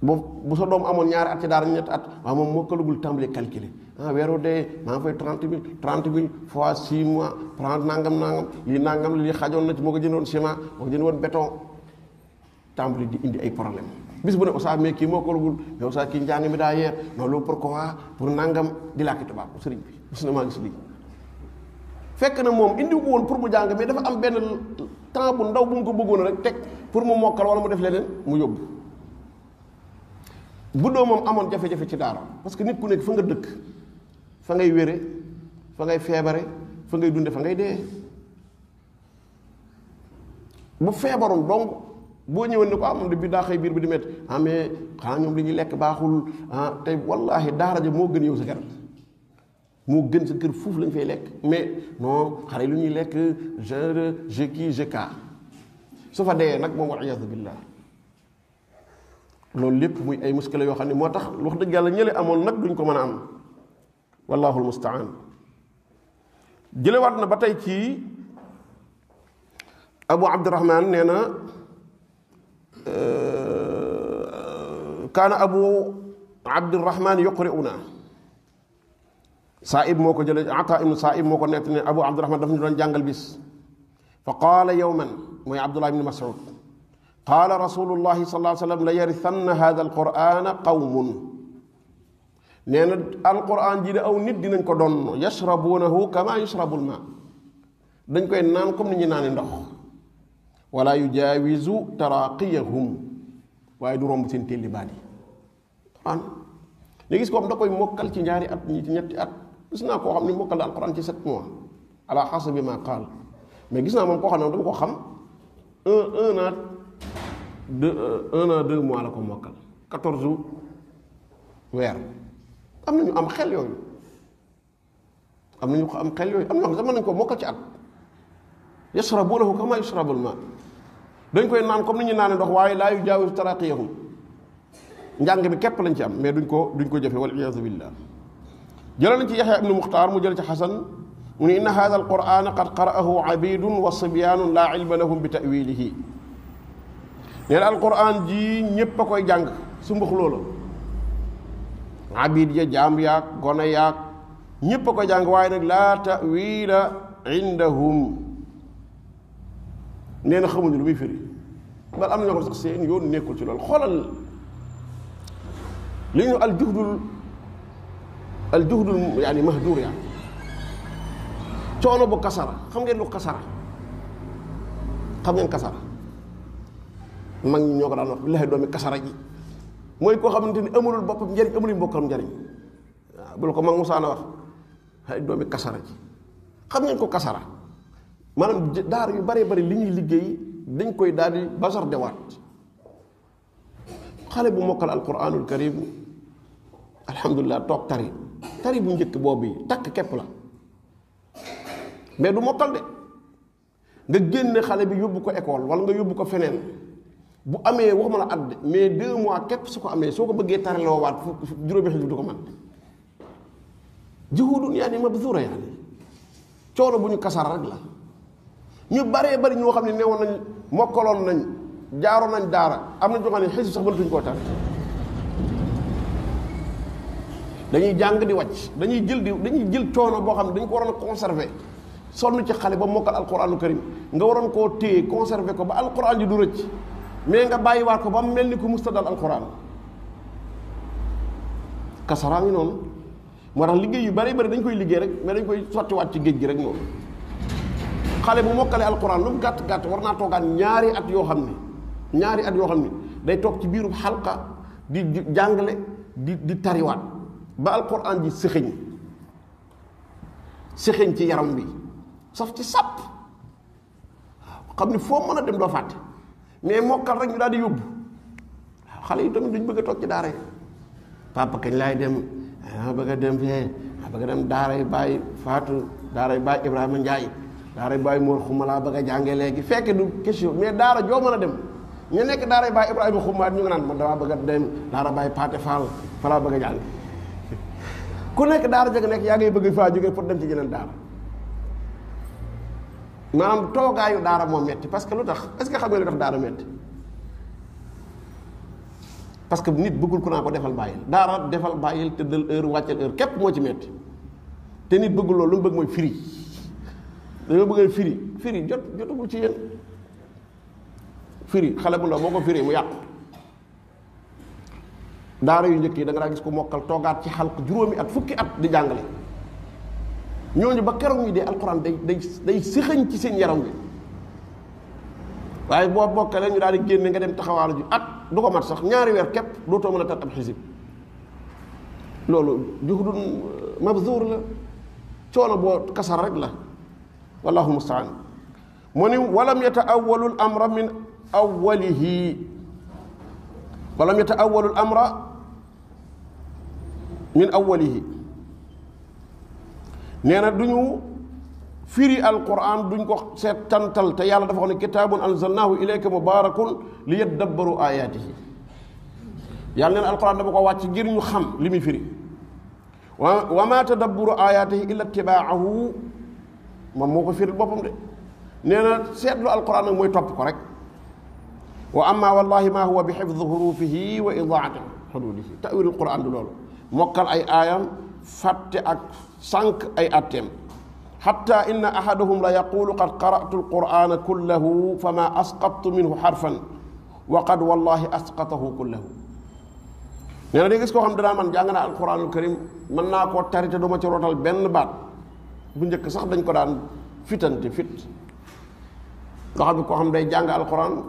bu bu sa doom amoon ñaari at ci daara ñet at wa mom moo këlugul tàmbali calculer ah wéro dé ma ngi fay 30000 30000 fois 6 mois prendre nangam nangam li nangam li xajon na ci moko ko jëndoon ciment mo ko won béton tàmbali di indi ay problème bis bu né oustaz mé ki moo këlugul mais oustaz kii njàng mi daa yeer non loolu pourquoi pour nangam di lakki tuba ko sëriñ bi gis na maa gis lii fekk na mom indi ko won pour mu jàng mais dafa am benn temps bu ndaw bu ngi ko bëggoon rek tek pour mu mokal wala mu def leneen mu yobbu bu doomam amoon jafe-jafe ci daara parce que nit ku nekk fa nga dëkk fa ngay wére fa ngay feebare fa ngay dunde fa ngay dee bu feebaroon donc boo ñëwee ne ko ah moom bi daa xëy biir bu di métti ah mais xanaa ñoom li ñuy lekk baaxul ah tey wallaahi daara ja moo gën yow sa kër moo gën sa kër foofu lañ fay lekk mais non xare lu ñuy lekk genre je kii su fa dee nag moom wal iyaadu billah loolu lépp muy ay muskila yoo xam ne moo tax wax dëgg yàlla ñële amoon nag duñ ko mën a am wallahu almustaan jëlewaat na ba tey ci abu abdirahman nee na kaana abu abdirahman yuqri'una saib moo ko jële ata ibnu saib moo ko nett ne abu abdirahman daf ñu doon jàngal bis fa qaala yowman mooy abdullah ibni masud قال رسول الله صلى الله عليه وسلم ليرثن هذا القرآن قوم نينا القرآن جي أو نيت دي نكو دون يشربونه كما يشرب الماء دنجكو نان كوم ني نان ندخ ولا يجاوز تراقيهم واي دو رومب سين تيلي بالي قرآن ني غيس كوم داكاي موكال سي نياري ات ني ci ñetti at gis naa koo xam ne mokkal alquran ci sept mois ala xasa bi ma qaal mais gis naa moom koo xam ne dama ko deux un an deux mois la ko mokkal quatorze weer am nañu am xel yooyu am nañu ko am xel yooyu am na ñoo xam sax mën nañu ko mokkal ci at yasrabunahu kama yasrabul ma dañ koy naan comme ni ñu naanee ndox waaye laa yu jaawisu taraqiyahum njàng mi képp lañ ci am mais duñ ko duñ ko jëfe wal iyaasu billah jëlee nañ ci yaxya ibnu muxtaar mu jël ci xasan mu ne inna hada alquran qad qara'ahu abidun wa sibyanun laa ilma lahum bi ta'wilihi nee na alquran ji ñépp a koy jàng su mbux loola abid ya jaam yaag gone yaag ñépp a koy jàng waaye nag laa tawila indahum nee na xamuñu lu muy firi bal am na ñoo xam sax seen yoon nekkul ci loolu xoolal li ñu al juhdul al juhdul yaani mahdur yaa coono bu kasara xam ngeen lu kasara xam ngeen kasara mag ñi ñoo ko daan wax billahi doomi kasara ji mooy koo xamante ni amulul boppam njariñ amulul mbokkam njariñ bu la ko mag musaana wax ay doomi kasara ji xam ngeen ko kasara maanaam daar yu bare bari li ñuy liggéey dañ koy daal di basar dewaat xale bu mokkal alquranul karim alhamdulilah toog tari tari bu njëkk boobu yi takk képp la mais du mokkal de nga génne xale bi yóbbu ko école wala nga yóbbu ko feneen bu amee waxuma la at mais deux mois képp su ko amee soo ko bëggee tareloo waat juróomi xel du ko man juhudun yaa ni mabzura yaa ni coono bu ñu kasar rek la ñu baree bari ñoo xam ne newoon nañ mokkaloon nañ jaaroon nañ daara am na ñoo xam ne xisib sax mënatuñ koo tare dañuy jàng di wàcc dañuy jël di dañuy jël coono boo xam ne dañ ko waroon a conserver sonn ci xale ba mokkal alquraanu karim nga waroon koo téye conserver ko ba alquran ji du mais nga bàyyiwaat ko ba mu mel ni ku musta dal alxuraan kasaraa ngi noonu moo tax liggéey yu bari bari dañ koy liggéey rek mais dañ koy sottiwaat ci géej gi rek noonu xale bu mokkalee alxuraan lu mu gàtt gàtt war naa toogaat ñaari at yoo xam ne ñaari at yoo xam ne day toog ci biiru xalqa di jàngale di di tariwaat ba alxuraan ji sëxëñ sëxëñ ci yaram bi saf ci sàpp xam ne foo mën a dem doo fàtte mais mokkal rek ñu daal di yóbbu waaw xale yi tamit duñ bëgg a toog ci daara yi papa kañ laay dem ah bëgg a dem fee ah bëgg a dem daara yi bàyyi Fatou daara yi bàyyi Ibrahima Ndiaye daara yi bàyyi Mor Xuma laa bëgg a jàngee léegi fekk du question mais daara joo a dem ñu nekk daara yi bàyyi Ibrahima Xuma ñu ngi naan man damaa bëgg a dem daara bàyyi Paate Fall fa laa bëgg a jàng ku nekk daara jóge nekk yaa ngay bëgg faa jóge pour dem ci jeneen daara. maanaam toogaayu daara moo metti parce que lu tax est-ce nga lu tax daara metti parce que nit bëggul ko naa ko defal bàyyil daara defal bàyyil tëddal heure wàccal heure képp moo ci metti te nit bëggul loolu lu mu bëgg mooy firi dañoo bëggee firi firi jot jotagul ci yéen firi xale bu ndaw boo ko firi mu yàqu daara yu njëkk yi da nga daa gis ko mokkal toogaat ci xalq juróomi at fukki at di jàngale ñooñu ba keroog ñu dee alquran day day day sëxañ ci seen yaram wi waaye boo bokkale ñu daal di génne nga dem taxawaalu ji at du ko mat sax ñaari weer képp dootoo mën a tat xisib loolu juhudun mabzuur la coono boo kasar rek la wallahu mustaan mu ni walam yataawalu l amra min awalihi walam yataawalu l amra min awalihi nee na du ñu firi alquran duñ ko seetantal te yàlla dafa wax ne kitaabun anzalnahu ilayka mubarakun li yaddabbaru ayatihi yàlla nee na alquran dafa ko wàcc ngir ñu xam li muy firi wa wa ma tadabbaru ayatihi illa tibaahu moom moo ko firil boppam de nee na seetlu alquran nag mooy topp ko rek wa amma wallahi ma huwa bi xifdi xurufihi wa idaati xududihi tawil alquran du loolu mokkal ay aayam fàtte ak sank ay atem Hatta inna ahaduhum la yaqulu qad qara'tu alqur'ana kullahu fama asqattu minhu harfan wa qad wallahi asqatahu kullahu neena de gis ko xam dara man jàng naa alquranul karim man na ko tari duma ci rotal ben bat bu njëkk sax dañ ko daan fitante fit ko xam ko xam day jàng alquran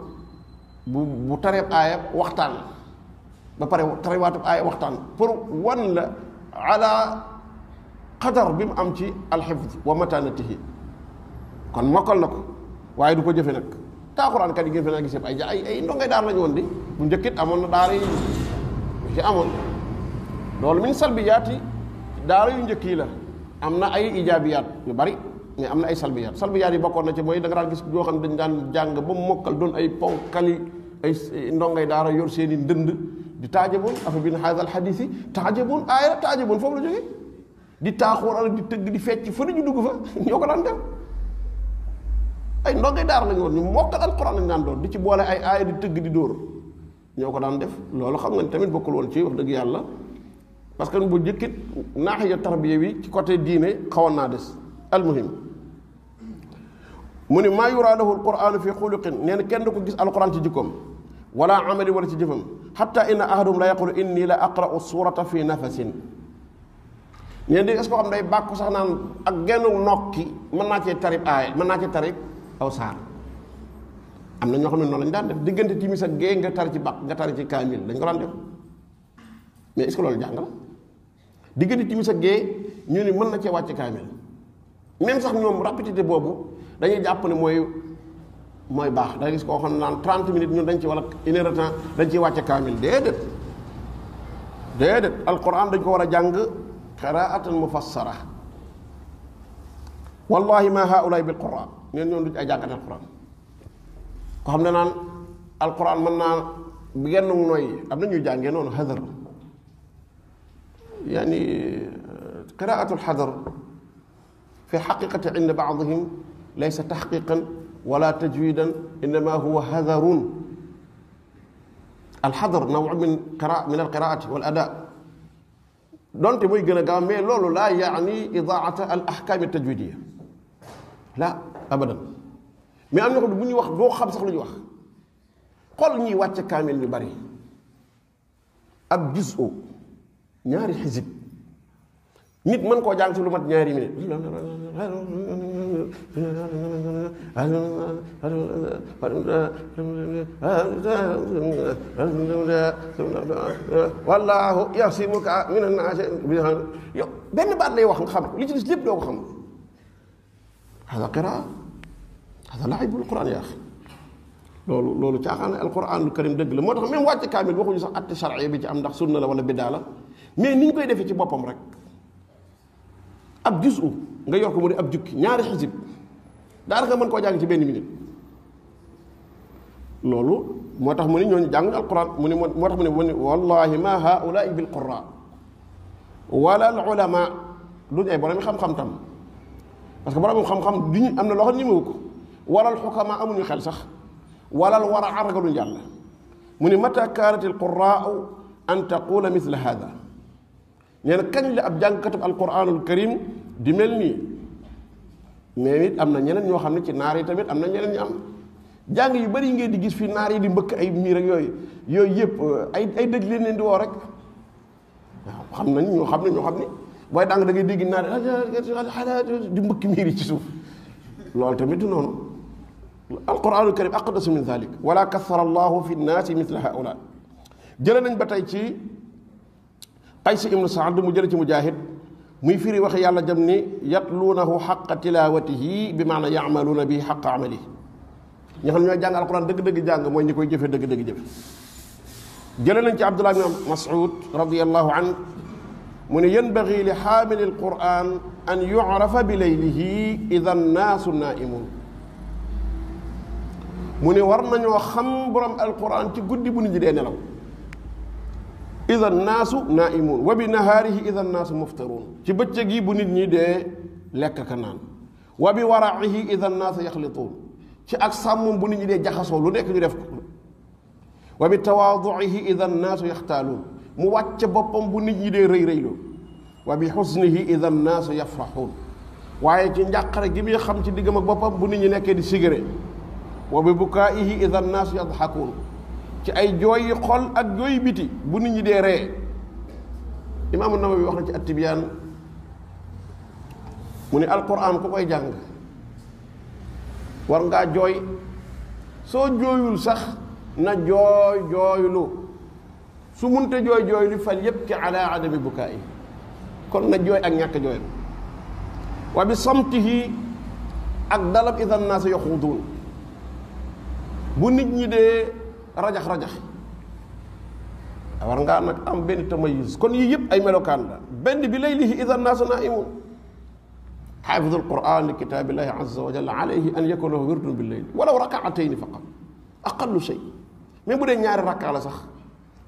bu bu tare ay waxtan ba pare tarewaatub ay waxtan pour wan la ala xadar bi mu am ci alxifz wa matanatihi kon mokkal na ko waaye du ko jëfe nag taaxuraan kat yi ngeen fi naa gis yëpp ay ja ay ay ndongay woon di bu njëkkit amoon na daara yi amoon loolu min salbiyaati daara yu njëkk yi la am na ay ijaabiyaat yu bari mais am na ay salbiyaat salbiyaat yi bokkoon na ci mooy da nga gis ñoo xam ne dañ daan jàng ba mokkal doon ay ponkali ay ndongay daara yor seen i ndënd di taajaboon afa bin haazal hadiisi taajaboon aaya taajaboon foofu la jógee di taaxuural di teug di fecc fu ñu dugg fa ñoo ko daan dem ay ndogé dar la woon ñu mokal alquran ñaan daan doon di ci boole ay ay di teug di dóor ñoo ko daan def loolu xam nga tamit bokul won ci wax deug yàlla parce que bu jëkkit naaxiya tarbiya wi ci côté diine xawoon naa des almuhim mu ne maa yuraadahu alquran fi khuluqin neen kenn du ko gis alquran ci jikom wala amali wala ci jëfëm hatta inna ahadum la yaqulu inni la aqra'u surata fi nafasin ñe ya, di est ko xam day bakku sax naan ak genu nokki man na ci tarib ay man na ci tarib aw sa am na ñoo xam ne noonu lañ daan def diggante timis ak gée nga tar ci bak nga tar ci kamil dañ ko daan def mais est ce que loolu jàng la diggante timis ak gée ñu ni mën na cee wàcc kamil même sax ñoom rapidité boobu dañuy jàpp ne mooy mooy baax da gis koo xam naan 30 minutes ñun dañ ci wala une heure de temps dañ ci wàcce kamil déedéet déedéet alquran dañ ko war a jàng قراءة مفسرة والله ما هؤلاء بالقرآن ñen ñoon duñ القرآن jàngatal Qur'an ko القرآن ne naan نوي mën naa genn noy يعني قراءة الحذر في حقيقة عند بعضهم ليس تحقيقا ولا تجويدا إنما هو هذر الحذر نوع من قراءة من القراءة والأداء donte mooy gën a gaaw mais loolu laa yaani idaata al ahkam tajwidia la abadan mais am na ko bu ñuy wax doo xam sax lu ñuy wax xol ñuy wàcce kaamil ñu bari ab gis o ñaari xisib nit mën koo jàng ci lu mat ñaari minute wallaahu yasimuka mina naasi yow benn baat lay wax nga xam li ci des lépp doo ko xam hada qiraa hada laibul quran yaa axi loolu loolu caaxaan alquranul karim dëgg la moo tax même wàcc kaamil waxuñu sax atte charia bi ci am ndax sunna la wala biddaa la mais ni ñu koy defee ci boppam rek ab juzu nga yor ko mu ne ab jukki ñaari xisib daanaka mën koo jàng ci benn minute loolu moo tax mu ne ñooñu jànguñu alquran mu ne moo tax mu ne mu ne wallahi ma haulaai bil qurra wala al ulama duñ ay borom xam-xam tam parce que borom xam-xam duñu am na loo xam ne ñemewu ko waral xukama amuñu xel sax walal wara aragaluñ yàlla mu ne mata kaanat al qurraau an taqula mithla hada nee na kañ la ab jàngkatub alquranul karim di mel nii mais it am na ñeneen ñoo xam ne ci naar yi tamit am na ñeneen ñu am jàng yu bari ngeen di gis fi naar yi di mbëkk ay miir ak yooyu yooyu yëpp euh, ay ay dëj leen di woo rek waaw xam nañ ñoo xam ne ñoo xam ne booy dàng da ngay dégg naar di mbëkk miir yi ci suuf loolu tamit du noonu alquranul karim aqdasu min zalik wala kasara allahu fi nnaasi misla haula jële nañ ba tey ci قيس ابن سعد مجرد مجاهد مي في روخ يالا جمني يطلونه حق تلاوته بمعنى يعملون به حق عمله ني خن نيو جانغ القران دغ دغ جانغ موي نيكوي جيفه دغ دغ جيف جيلن نتي عبد الله بن مسعود رضي الله عنه من ينبغي لحامل القران ان يعرف بليله اذا الناس نائمون من ورنا نيو خم بروم القران تي غودي بو نيدي نلاو إذا الناس نائمون وبنهاره إذا الناس مفترون تي بتيغي بو دي لك كنان وبورعه إذا الناس يخلطون تي اك سام بو نيت ني دي جاخاسو لو نيك ني وبتواضعه إذا الناس يختالون مو واتي بوبام بو دي ري ري لو وبحزنه إذا الناس يفرحون waye ci njaqare gi mi xam ci digam ak bopam bu nit ñi ci ay jooy yi xol ak jooy biti bu nit ñi dee ree imaamu Nawawi wax na ci attibiyaan mu ne alquran ku koy jàng war ngaa jooy soo jooyul sax na jooy jooylu su munte jooy jooylu fal yépp ki ala adami bukaa kon na jooy ak ñàkk jooyam wa bi samtihi ak dalab idan naasa yaxuuduun bu nit ñi dee rajax rajax war nga nak am ben tamayiz kon yi yeb ay melokan la ben bi laylihi حافظ القرآن لكتاب الله عز وجل عليه أن يكون له ورد بالليل ولو ركعتين فقط أقل شيء من بدأ نيار ركع على سخ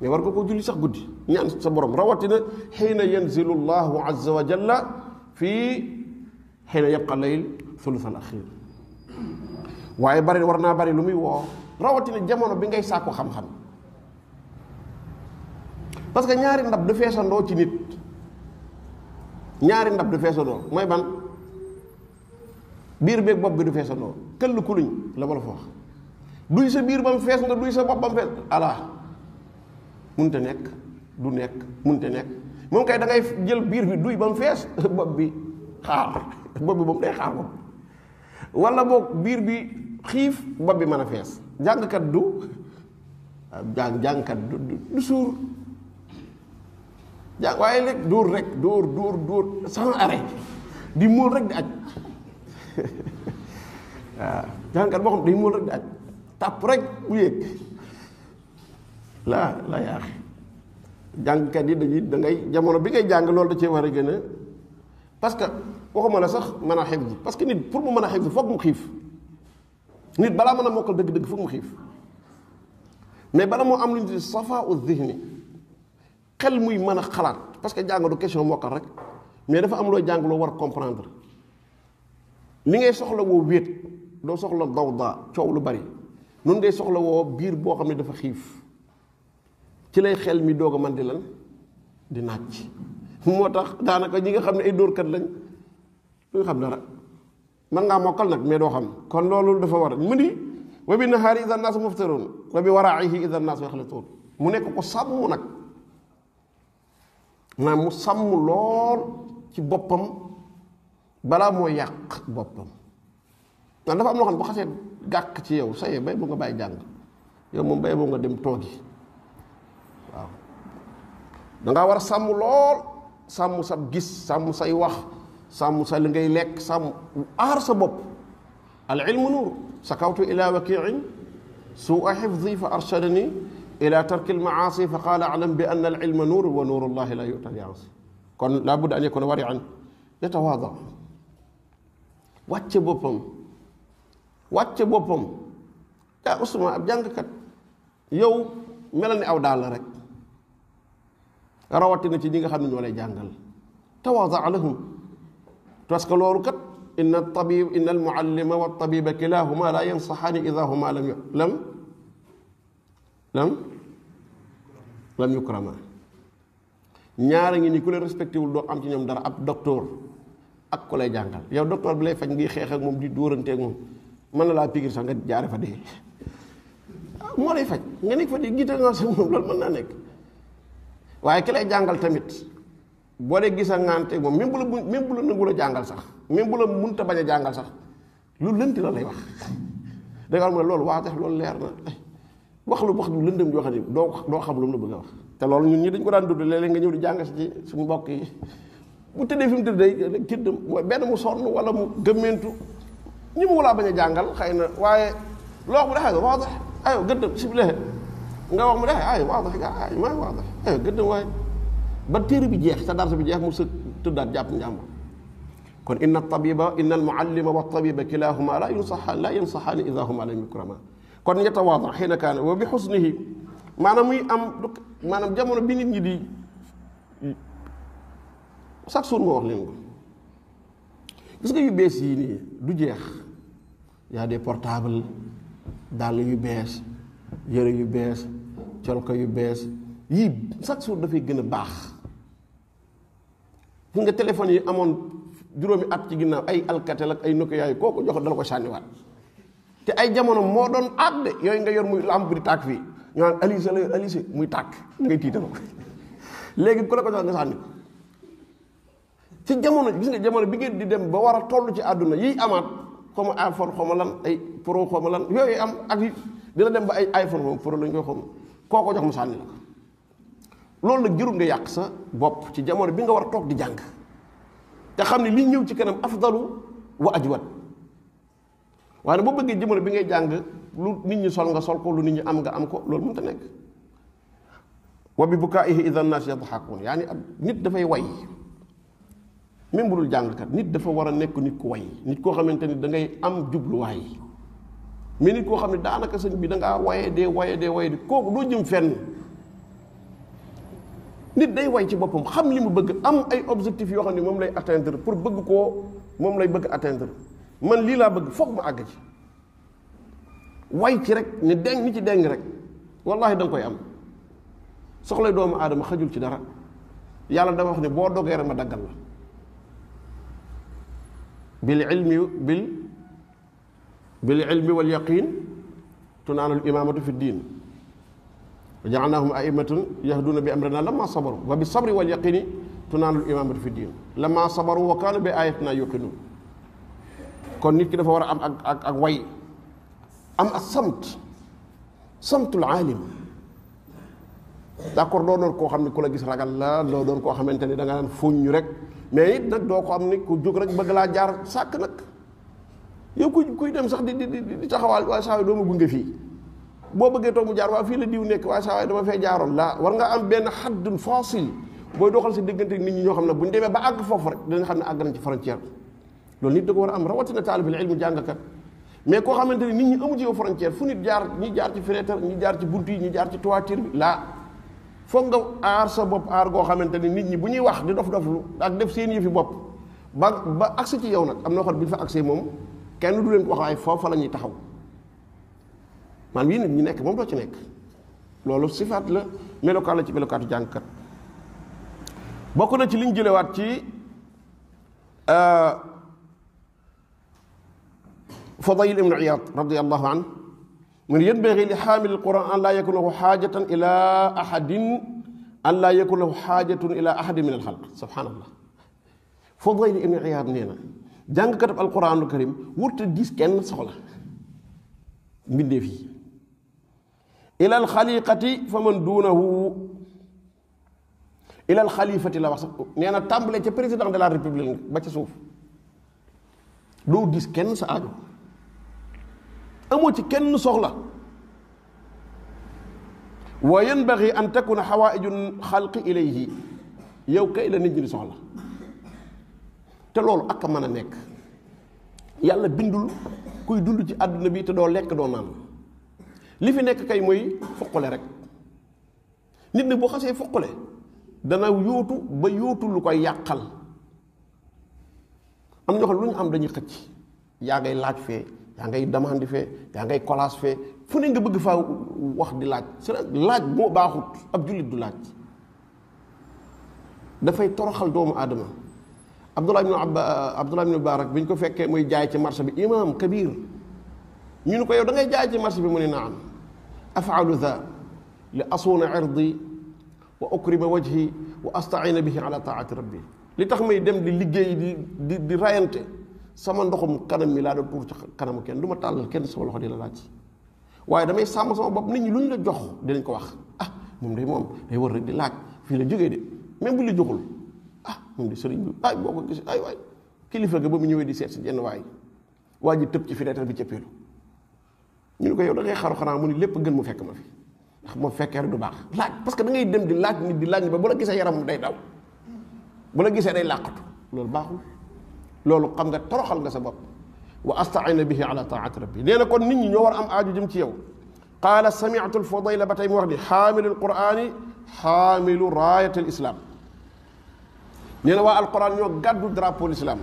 من ورقه كجولي سخ قد نيان سبرم روتنا حين ينزل الله عز وجل في حين يبقى الليل ثلثا أخير وعي باري ورنا باري لمي وو rawatina jamono bi ngay sàkku xam-xam parce que ñaari ndab du feesandoo ci nit ñaari ndab du feesandoo mooy ban biir beeg bopp bi du feesandoo këll kuluñ la ma la fa duy sa biir ba mu fees nga duy sa bopp ba mu fees ala munte nekk du nekk mun munte nekk moom kay da ngay jël biir bi duy ba mu fees bopp bi xaar bopp bi moom day xaar bopp wala boog biir bi xiif bopp bi mën a fees jàngkat du jang jàngkat du du suur jàng waaye léeg dóor rek dóor dóor dóor sans are di mul rek ah, di aj waaw jàngkat boo xam day rek ya. di aj tàpp rek bu yéeg la la yaaxi jàngkat yi dañuy da ngay jamono bi ngay jang lolou da ci wara gëna parce que waxuma la sax mën a parce que nit pour mu mën a fokk mu xif nit balaa mën a mokkal dëgg-dëgg foog mu xiif mais bala moo am lu ñu di u zihni xel muy mën a xalaat parce que jàng du question mokkal rek mais dafa am loo jàng loo war comprendre li ngay soxla woo wéet doo soxla daw daa coow lu bari noonu ngay soxla woo biir boo xam ne dafa xiif ci lay xel mi doog a mën di lan di naaj moo tax daanaka ñi nga xam ne ay dóorkat lañ du nga xam dara man ngaa mokkal nag mais doo xam kon loolu dafa war mu ni wa bi nahaari ida annaas muftaroon wa bi waraihi ida annaas yaxlitoon mu nekk ko sàmm nag naa mu sàmm lool ci boppam balaa moo yàq boppam ndax dafa am loo xam bu xasee gàkk ci yow saye bay bu nga yow bay nga dem da war gis say wax sàmm sa li ngay lekk sàmm aar sa bopp al ilmu nuur sakawtu ila wakiin suu a xifdi fa arshadani ila tarki maasi fa qaala alam bi anna al ilma nuur wa nuuru llahi la yuta liansi kon laa budda an yakuna warian yatawaada wàcce boppam wàcce boppam yaa Ousmane ab jàngkat yow melal aw daal la rek rawatina ci ñi nga xam ne jàngal tawaada lahum parce que loolu kat inna tabib inna al muallima wa tabiba kilahuma لم لم لم huma lam lam ngi ni ku leen respecté wul do am ci ñom dara ab docteur ak ku lay jàngal yow docteur bi lay faj ngi xex ak mom di dorante ak mom man la pigir sax nga jaar fa de mo lay faj nga nek fa di giite nga sa mom loolu man na nek waye ki lay jàngal tamit boo dee gis a ngante moom même bu la même bu la nangu la jàngal sax même bu la munta bañ a jàngal sax lu lënt la lay wax da nga xam ne loolu waa tax loolu leer na wax lu wax lu lëndëm joo xam ne doo doo xam lu mu la bëgg a wax te loolu ñun ñi dañ ko daan dund léeg-léeg nga ñëw di jàng ci suñu mbokk yi bu tëddee fi mu tëddee de mooy benn mu sonn wala mu gëmmentu ñi mu walaa bañ a jàngal xëy na waaye loo wax mu dexe waa tax ayo wax mu dexe ay waa tax ga ay maay gëddëm waaye ba téere bi jeex sa darsa bi jeex mu sëg tëddaat jàpp njàmbur kon inna tabiba inna almuallima wa tabiba kilahuma la yunsaxaan la yansaxaani ida huma lam yukrama kon yatawaada xiina kaana wa bi xusnihi maanaam muy am maanaam jamono bi nit ñi di chaque jour nga wax leen ko gis nga yu bees yii nii du jeex yaa des portables dàll yu bees yëre yu bees colka yu bees yii chaque jour dafay gën a baax nga téléphone yi amone juroomi at ci ginnaaw ay alcatel ak ay nokia yi koku jox dal ko wat te ay jamono mo doon aat de yooyu nga yor muy lampe di tak fi ñu naan alise la alise muy tak ngay tiital léegi ko la ko jox nga ci jamono gis nga jamono bi di dem ba wara tollu ci aduna yi amat xoma iphone xoma lan ay pro xoma lan yoy am ak dina dem ba ay iphone xoma pro lañ koy xom kooko jox mu sanni la ko loolu nag jurum nga yàq sa bopp ci jamono bi nga war toog di jàng te xam ne li ñëw ci kanam afdalu wa ajwat waaye bu bëggee jamono bi ngay jàng lu nit ñi sol nga sol ko lu nit ñi am nga am ko loolu mënta nekk wa bi bukaihi idha an-nas yadhhakun yani nit fay way même dul jàng kat nit dafa war a nekk nit ku way nit koo xamante ni da ngay am jubluwaay mais nit koo xam ne daanaka sëñ bi da ngaa waye dee waye dee waye di kooku doo jëm fenn nit day way ci boppam xam li mu bëgg am ay objectif yoo xam ne moom lay atteindre pour bëgg koo moom lay bëgg atteindre man lii laa bëgg foog ma àgg ci way ci rek ni deng ni ci deng rek wallahi da koy am soxla doomu aadama xajul ci dara yàlla dama wax ne boo dogee rek ma daggal la bil ilmi bil bil ilmi wal yaqin tunaanul imaamatu fi diin wa jaalnaahum aimatan yahduuna bi amrina lamma sabaru wa bi sabri wal yaqini tunaalul imaamatu fi diin lamma sabaru wa kaanu bi ayatina yuqinun kon nit ki dafa war a am ak ak ak way am ak samt samtul aalim d' doo doon koo xam ne ku la gis ragal la doo doon koo xamante ni da nga naan rek mais it nag doo ko am ni ku jóg rek bëgg laa jaar sàkk nag yow kuy kuy dem sax di di di taxawaal waaye saa doo ma gunge fii boo bëggee toog mu jaar waa fii la diw nekk waaye saa waaye dama fee jaaroon la war nga am benn xaddun fasil booy doxal si diggante nit ñi ñoo xam ne bu demee ba àgg foofu rek dinañ xam ne àgg nañ ci frontière loolu nit da ko war a am rawatina al ilmu jàngkat mais koo xamante ni nit ñi amu ci yow frontière fu nit jaar ñi jaar ci fenêtre ñi jaar ci bunt yi ñi jaar ci toiture bi la foog nga aar sa bopp aar goo xamante ni nit ñi bu ñuy wax di dof doflu ak def seen yëfi bopp ba ba agsi ci yow nag am na xol bi ñu fa agsee moom kenn du leen ko wax ay foofa la ñuy taxaw man wi bi ñu nekk moom doo ci nekk loolu sifaat la melokaan la ci melokaatu jànkat bokk na ci liñ jëlewaat ci fadayil ibnu iyad radiallahu an من ينبغي لحامل القرآن أن لا يكون له حاجة إلى أحد أن لا يكون له حاجة إلى أحد من الخلق سبحان الله فضيل ابن عياض نينا جانك كتب القرآن الكريم ورت ديس كان صغلا من في ila alxaliqati fa man duunahu ila alxalifati la wax sax nee na tàmbale ca président de la république ba ca suuf doo gis kenn sa aajo amoo ci kenn soxla wa yanbaghi an takuna xawaaiju xalqi ilayhi yow kay la nit ñi di soxla te loolu ak mën a nekk yàlla bindul kuy dund ci àdduna bi te doo lekk doo naan li fi nekk kay mooy foqale rek nit nag bu xasee foqale dana yóotu ba yóotu lu koy yàqal am ñoo xam lu ñu am dañuy xëcc yaa ngay laaj fee yaa ngay demande fee yaa ngay collage fee fu ne nga bëgg faa wax di laaj c'est laaj moo baaxut ab jullit du laaj dafay toroxal doomu aadama Abdullah ibn Abba Abdullah ibn Mubarak bi ñu ko fekkee muy jaay ci marché bi imam kabir ñu ni ko yow da ngay jaay ci marché bi mu ne naam afaalu dha li asuuna irdi wa ukriba wajhi wa astaina bihi ala taati rabbi li tax may dem di liggéey di di di rayante sama ndoxum kanam mi laa doon pour ci kanamu kenn du ma tàllal kenn sama loxo di la laaj waaye damay sàmm sama bopp nit ñi lu ñu la jox dinañ ko wax ah moom day moom day war rek di laaj fii la jógee de même bu li joxul ah moom di sëriñ bi ay boo ko gis ay waay kilifa ga ba mu ñëwee di seet si jenn waay waa ji tëb ci fenêtre bi pélu ñu ko yow da ngay xaru xaram mu ni lépp gën mu fekk ma fi ndax mo fekke du baax laaj parce que da ngay dem di laaj nit di laaj ba bu la gisee yaram day daw bu la gisee day làqatu loolu baaxul loolu xam nga toroxal nga sa bopp wa astaina bihi ala taati rabbi nee kon nit ñi ñoo war am aaju jëm ci yow qala sami'tu al-fadail قال سمعت hamil al-qur'an hamil rayat al-islam الإسلام wa al-qur'an ñoo gaddu drapeau l'islam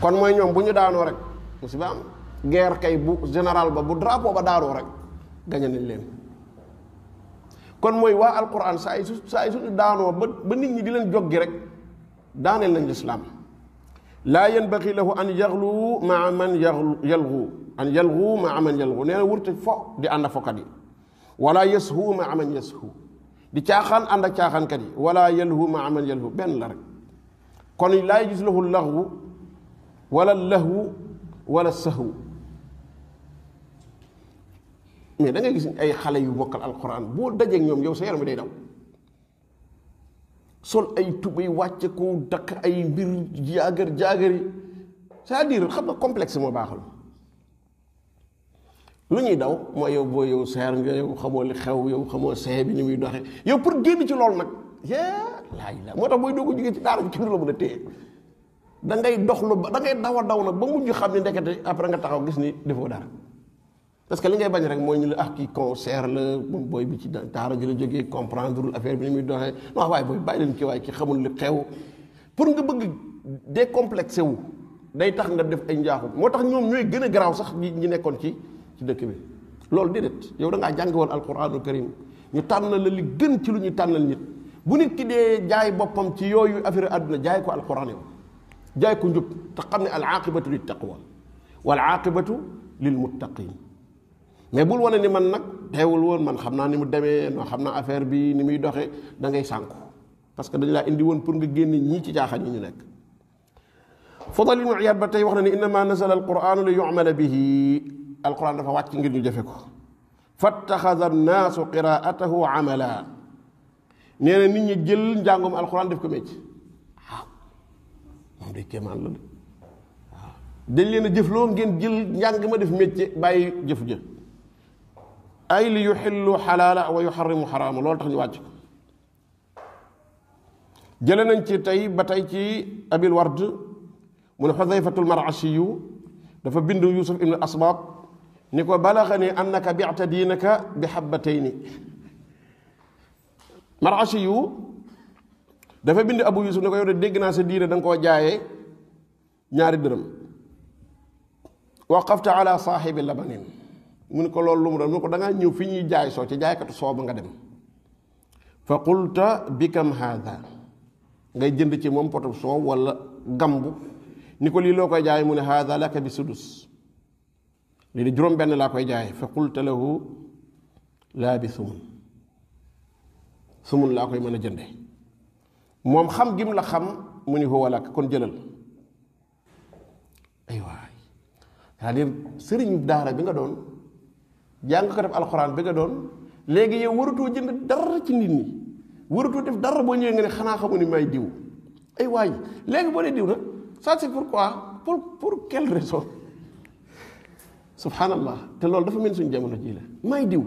kon moy نيوم bu ñu daano rek musiba am guerre kay bu général ba bu drapeau ba daaroo rek gañe nañ leen kon mooy waa alquran saa yi su saa yi suñu daanoo ba nit ñi di leen joggi rek daaneel nañ lislaam laa yanbaghi lahu an yaxlu maa man yalgu an yalgu maa man yalgu nee na wurte fo di ànd fokat yi wala ma maa man yashu di caaxaan ànd ak caaxaankat yi wala yalhu maa man yalhu benn la rek kon laa yajuz lahu laxwu wala lahwu wala sahwu mais da ngay gis ay xale yu bokkal alxuraan boo dajeek ñoom yow sa yaram bi day daw sol ay tubay wàcce ko dakk ay mbir jaagar jaagar yi cest à xam nga complexe moo baaxul lu ñuy daw mooy yow boo yow seer nga yow xamoo xew yow xamoo see bi ni muy doxee yow pour génn ci loolu nag yaa laaj la moo tax booy doog a jógee ci daara bi kenn du la mën a téye da ngay dox lu ba da ngay daw a daw nag ba mujj xam ne ndekete après nga taxaw gis ni defoo dara. parce que li ngay bañ rek mooy ñu la ah kii concert la boy booy bi ci daara ji la jógee comprendre affaire bi ni muy doxee non waaye booy bàyyi leen kii waaye ki xamul li xew pour nga bëgg décomplexé wu day tax nga def ay njaaxum moo tax ñoom ñooy gën a garaaw sax ñi ñi nekkoon ci ci dëkk bi loolu déedéet yow da ngaa jàng woon alquraanul karim ñu tànnal la li gën ci lu ñuy tànnal nit bu nit ki dé jaay boppam ci yooyu affaire àdduna jaay ko alquran yow jaay ko njub te xam ne al aqibatu lil taqwa wal aqibatu lil muttaqin mais bul wane ni man nag teewul woon man xam naa ni mu demee noo xam naa affaire bi ni muy doxee dangay ngay sànku parce que dañ laa indi woon pour nga génn ñii ci caaxaan ñu ñu nekk Fadal ibnu Iyaad ba tey wax na ni innama nazala alquranu li yumala bihi alquran dafa wàcc ngir ñu jafe ko fattaxada annaasu qiraatahu amala nit ñi jël njàngum alquran def ko mécc waaw ah, ah, dañ leen a jëf loo ngeen jël njàng ma def mécc bàyyi jëf jëf ay li yuxillu xalaala wa yuxarrimu xaraama loolu tax ñu wàcc ko jële nañ ci tey ba tey ci abil ward mu ne xudayfatul marasiyu dafa bind yusuf ibnu asbaab ni ko balaxani annaka bicta diinaka bi xabbatayni marasiyu dafa bind abu yusuf ni ko yow de dégg naa sa diine da nga koo jaayee ñaari dërëm waqafta ala saaxibi labanin mu ne ko loolu lu mu doon mu ne ko da ñëw fi ñuy jaay soo ci jaaykatu soo ba nga dem fa qulta bikam haada ngay jënd ci moom potu soow walla gambu ni ko lii loo koy jaay mu ne haada laka bi sudus lii de juróom benn laa koy jaay fa qulta lahu laa bi sumun sumun laa koy mën a jënde moom xam gim la xam mu ni huwa lak kon jëlal ay waay cest à sëriñ daara bi nga doon jàng ko def alxuraan bi nga doon léegi yow waratoo jënd dara ci nit ñi waratoo def dara boo ñëwee nga ne xanaa xamu ni may diw ay waay léegi boo dee diw nag ça pour pourquoi pour pour quelle raison subhanallah te loolu dafa mel suñ jamono jii la may diw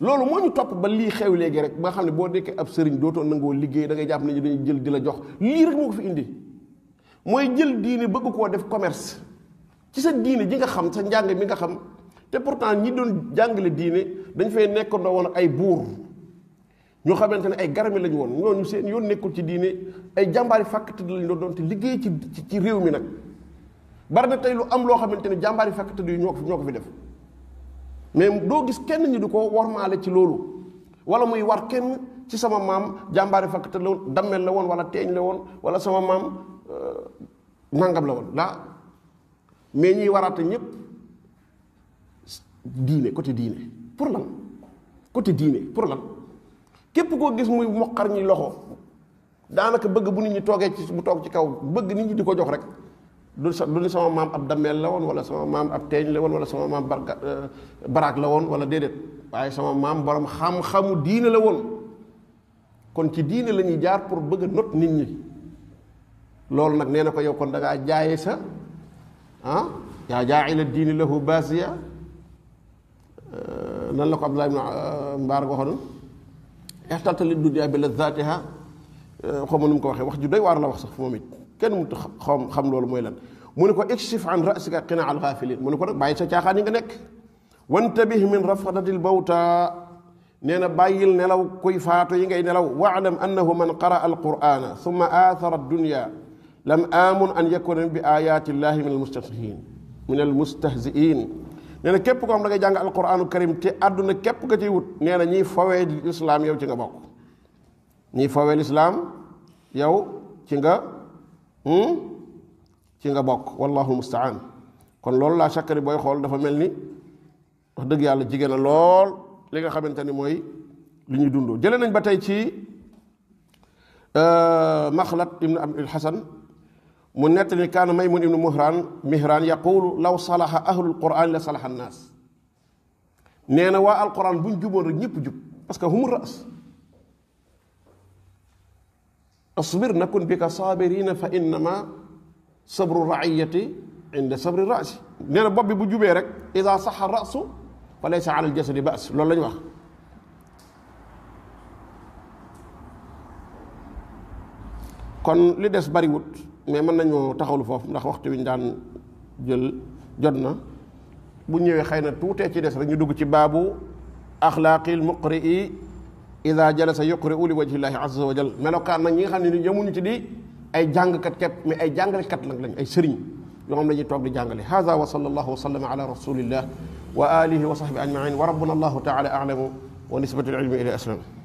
loolu moo ñu topp ba lii xew léegi rek ba nga xam ne boo nekkee ab sëriñ dootoo nangoo liggéey dangay ngay jàpp ne dañuy jël di la jox lii rek moo ko fi indi mooy jël diine bëggu koo def commerce ci sa diine ji nga xam sa njàng mi nga xam te pourtant ñi doon jàngale diine dañ fay nekkandoo woon ay buur ñoo xamante ne ay garmi lañu woon nu seen yoon nekkul ci diine ay jàmbaari fàkkati lañu doon te liggéey ci ci réew mi nag bari na tey lu am loo xamante ne jàmbaar fàkkati yi ñoo ko ñoo ko fi def mais doo gis kenn ñi di ko wormaale ci loolu wala muy war kenn ci sama maam jàmbaari fàkkati la woon dammel la woon wala teeñ la woon wala sama maam euh, nangam la woon daa mais ñuy waraate ñëpp. diine côté diine pour lan côté diine pour lan képp koo gis muy moqar ñi loxo daanaka bëgg bu nit ñi toogee ci mu toog ci kaw bëgg nit ñi di ko jox rek du sa du ni sama maam ab dammeel la woon wala sama maam ab teeñ la woon wala sama maam barga euh, baraag la woon wala déedéet waaye sama maam boroom xam-xamu diine la woon kon ci diine lañuy jaar pour bëgg a nit ñi loolu nag nee na ko yow kon da ngaa jaaye sa ah yaa jaa'ila diini lahu baasiya nan la ko abdullah ibn mbarak waxoon ixtalta li dunya bi lazatiha xaw ma nu mu ko waxee wax ju doy waar la wax sax moom it kenn mënut xam xam loolu mooy lan mu ne ko ikshif an rasika qina al ghafilin mu ne ko nag bàyyi sa caaxaan yi nga nekk wantabih min rafadatil bawta nee na bàyyil nelaw kuy faatu yi ngay nelaw waclam annahu man qaraa alqur'ana summa aathara addunya lam amun an yakuna bi ayati llahi min almustahziin min almustahziin nee képp ko am da ngay jàng alquranu karim te àdduna képp nga ciy wut nee na ñiy fawee lislaam yow ci nga bokk ñiy fawee lislaam yow ci nga hmm? ci nga bokk wallahu mustaan kon loolu laa chakkari booy xool dafa mel ni wax dëgg yàlla jigéen lool li nga xamante ni mooy li ñuy dundoo jële nañ ba tey ci euh, maxlat ibnu abil xasan من اللي كان ميمون ابن مهران مهران يقول لو صلح أهل القرآن لصلح الناس نينا وا القرآن بون جوب رك نيب جوب باسكو هم الرأس اصبر نكون بك صابرين فإنما صبر الرعية عند صبر الرأس نينا بوب بو جوبي رك إذا صح الرأس فليس على الجسد بأس لول لا نيوخ كون لي ديس بري mais man nañu taxawlu foofu ndax waxtu wiñ daan jël jot na bu ñëwee xëy na tuutee ci des rek ñu dugg ci baabu axlaaqil muqrii ida jalasa yuqriu li wajhi wajhillahi azza wa jal melokaan nag ñi nga xam ne ni yemuñu ci di ay jàngkat kepp mais ay kat nag lañ ay sëriñ yoo xam dañuy toog di jàngale hada wa sallallahu wa sallama ala rasulillah wa alihi wa sahbi ajmain wa rabbuna allahu taala alamu wa nisbatu ilmi ila aslam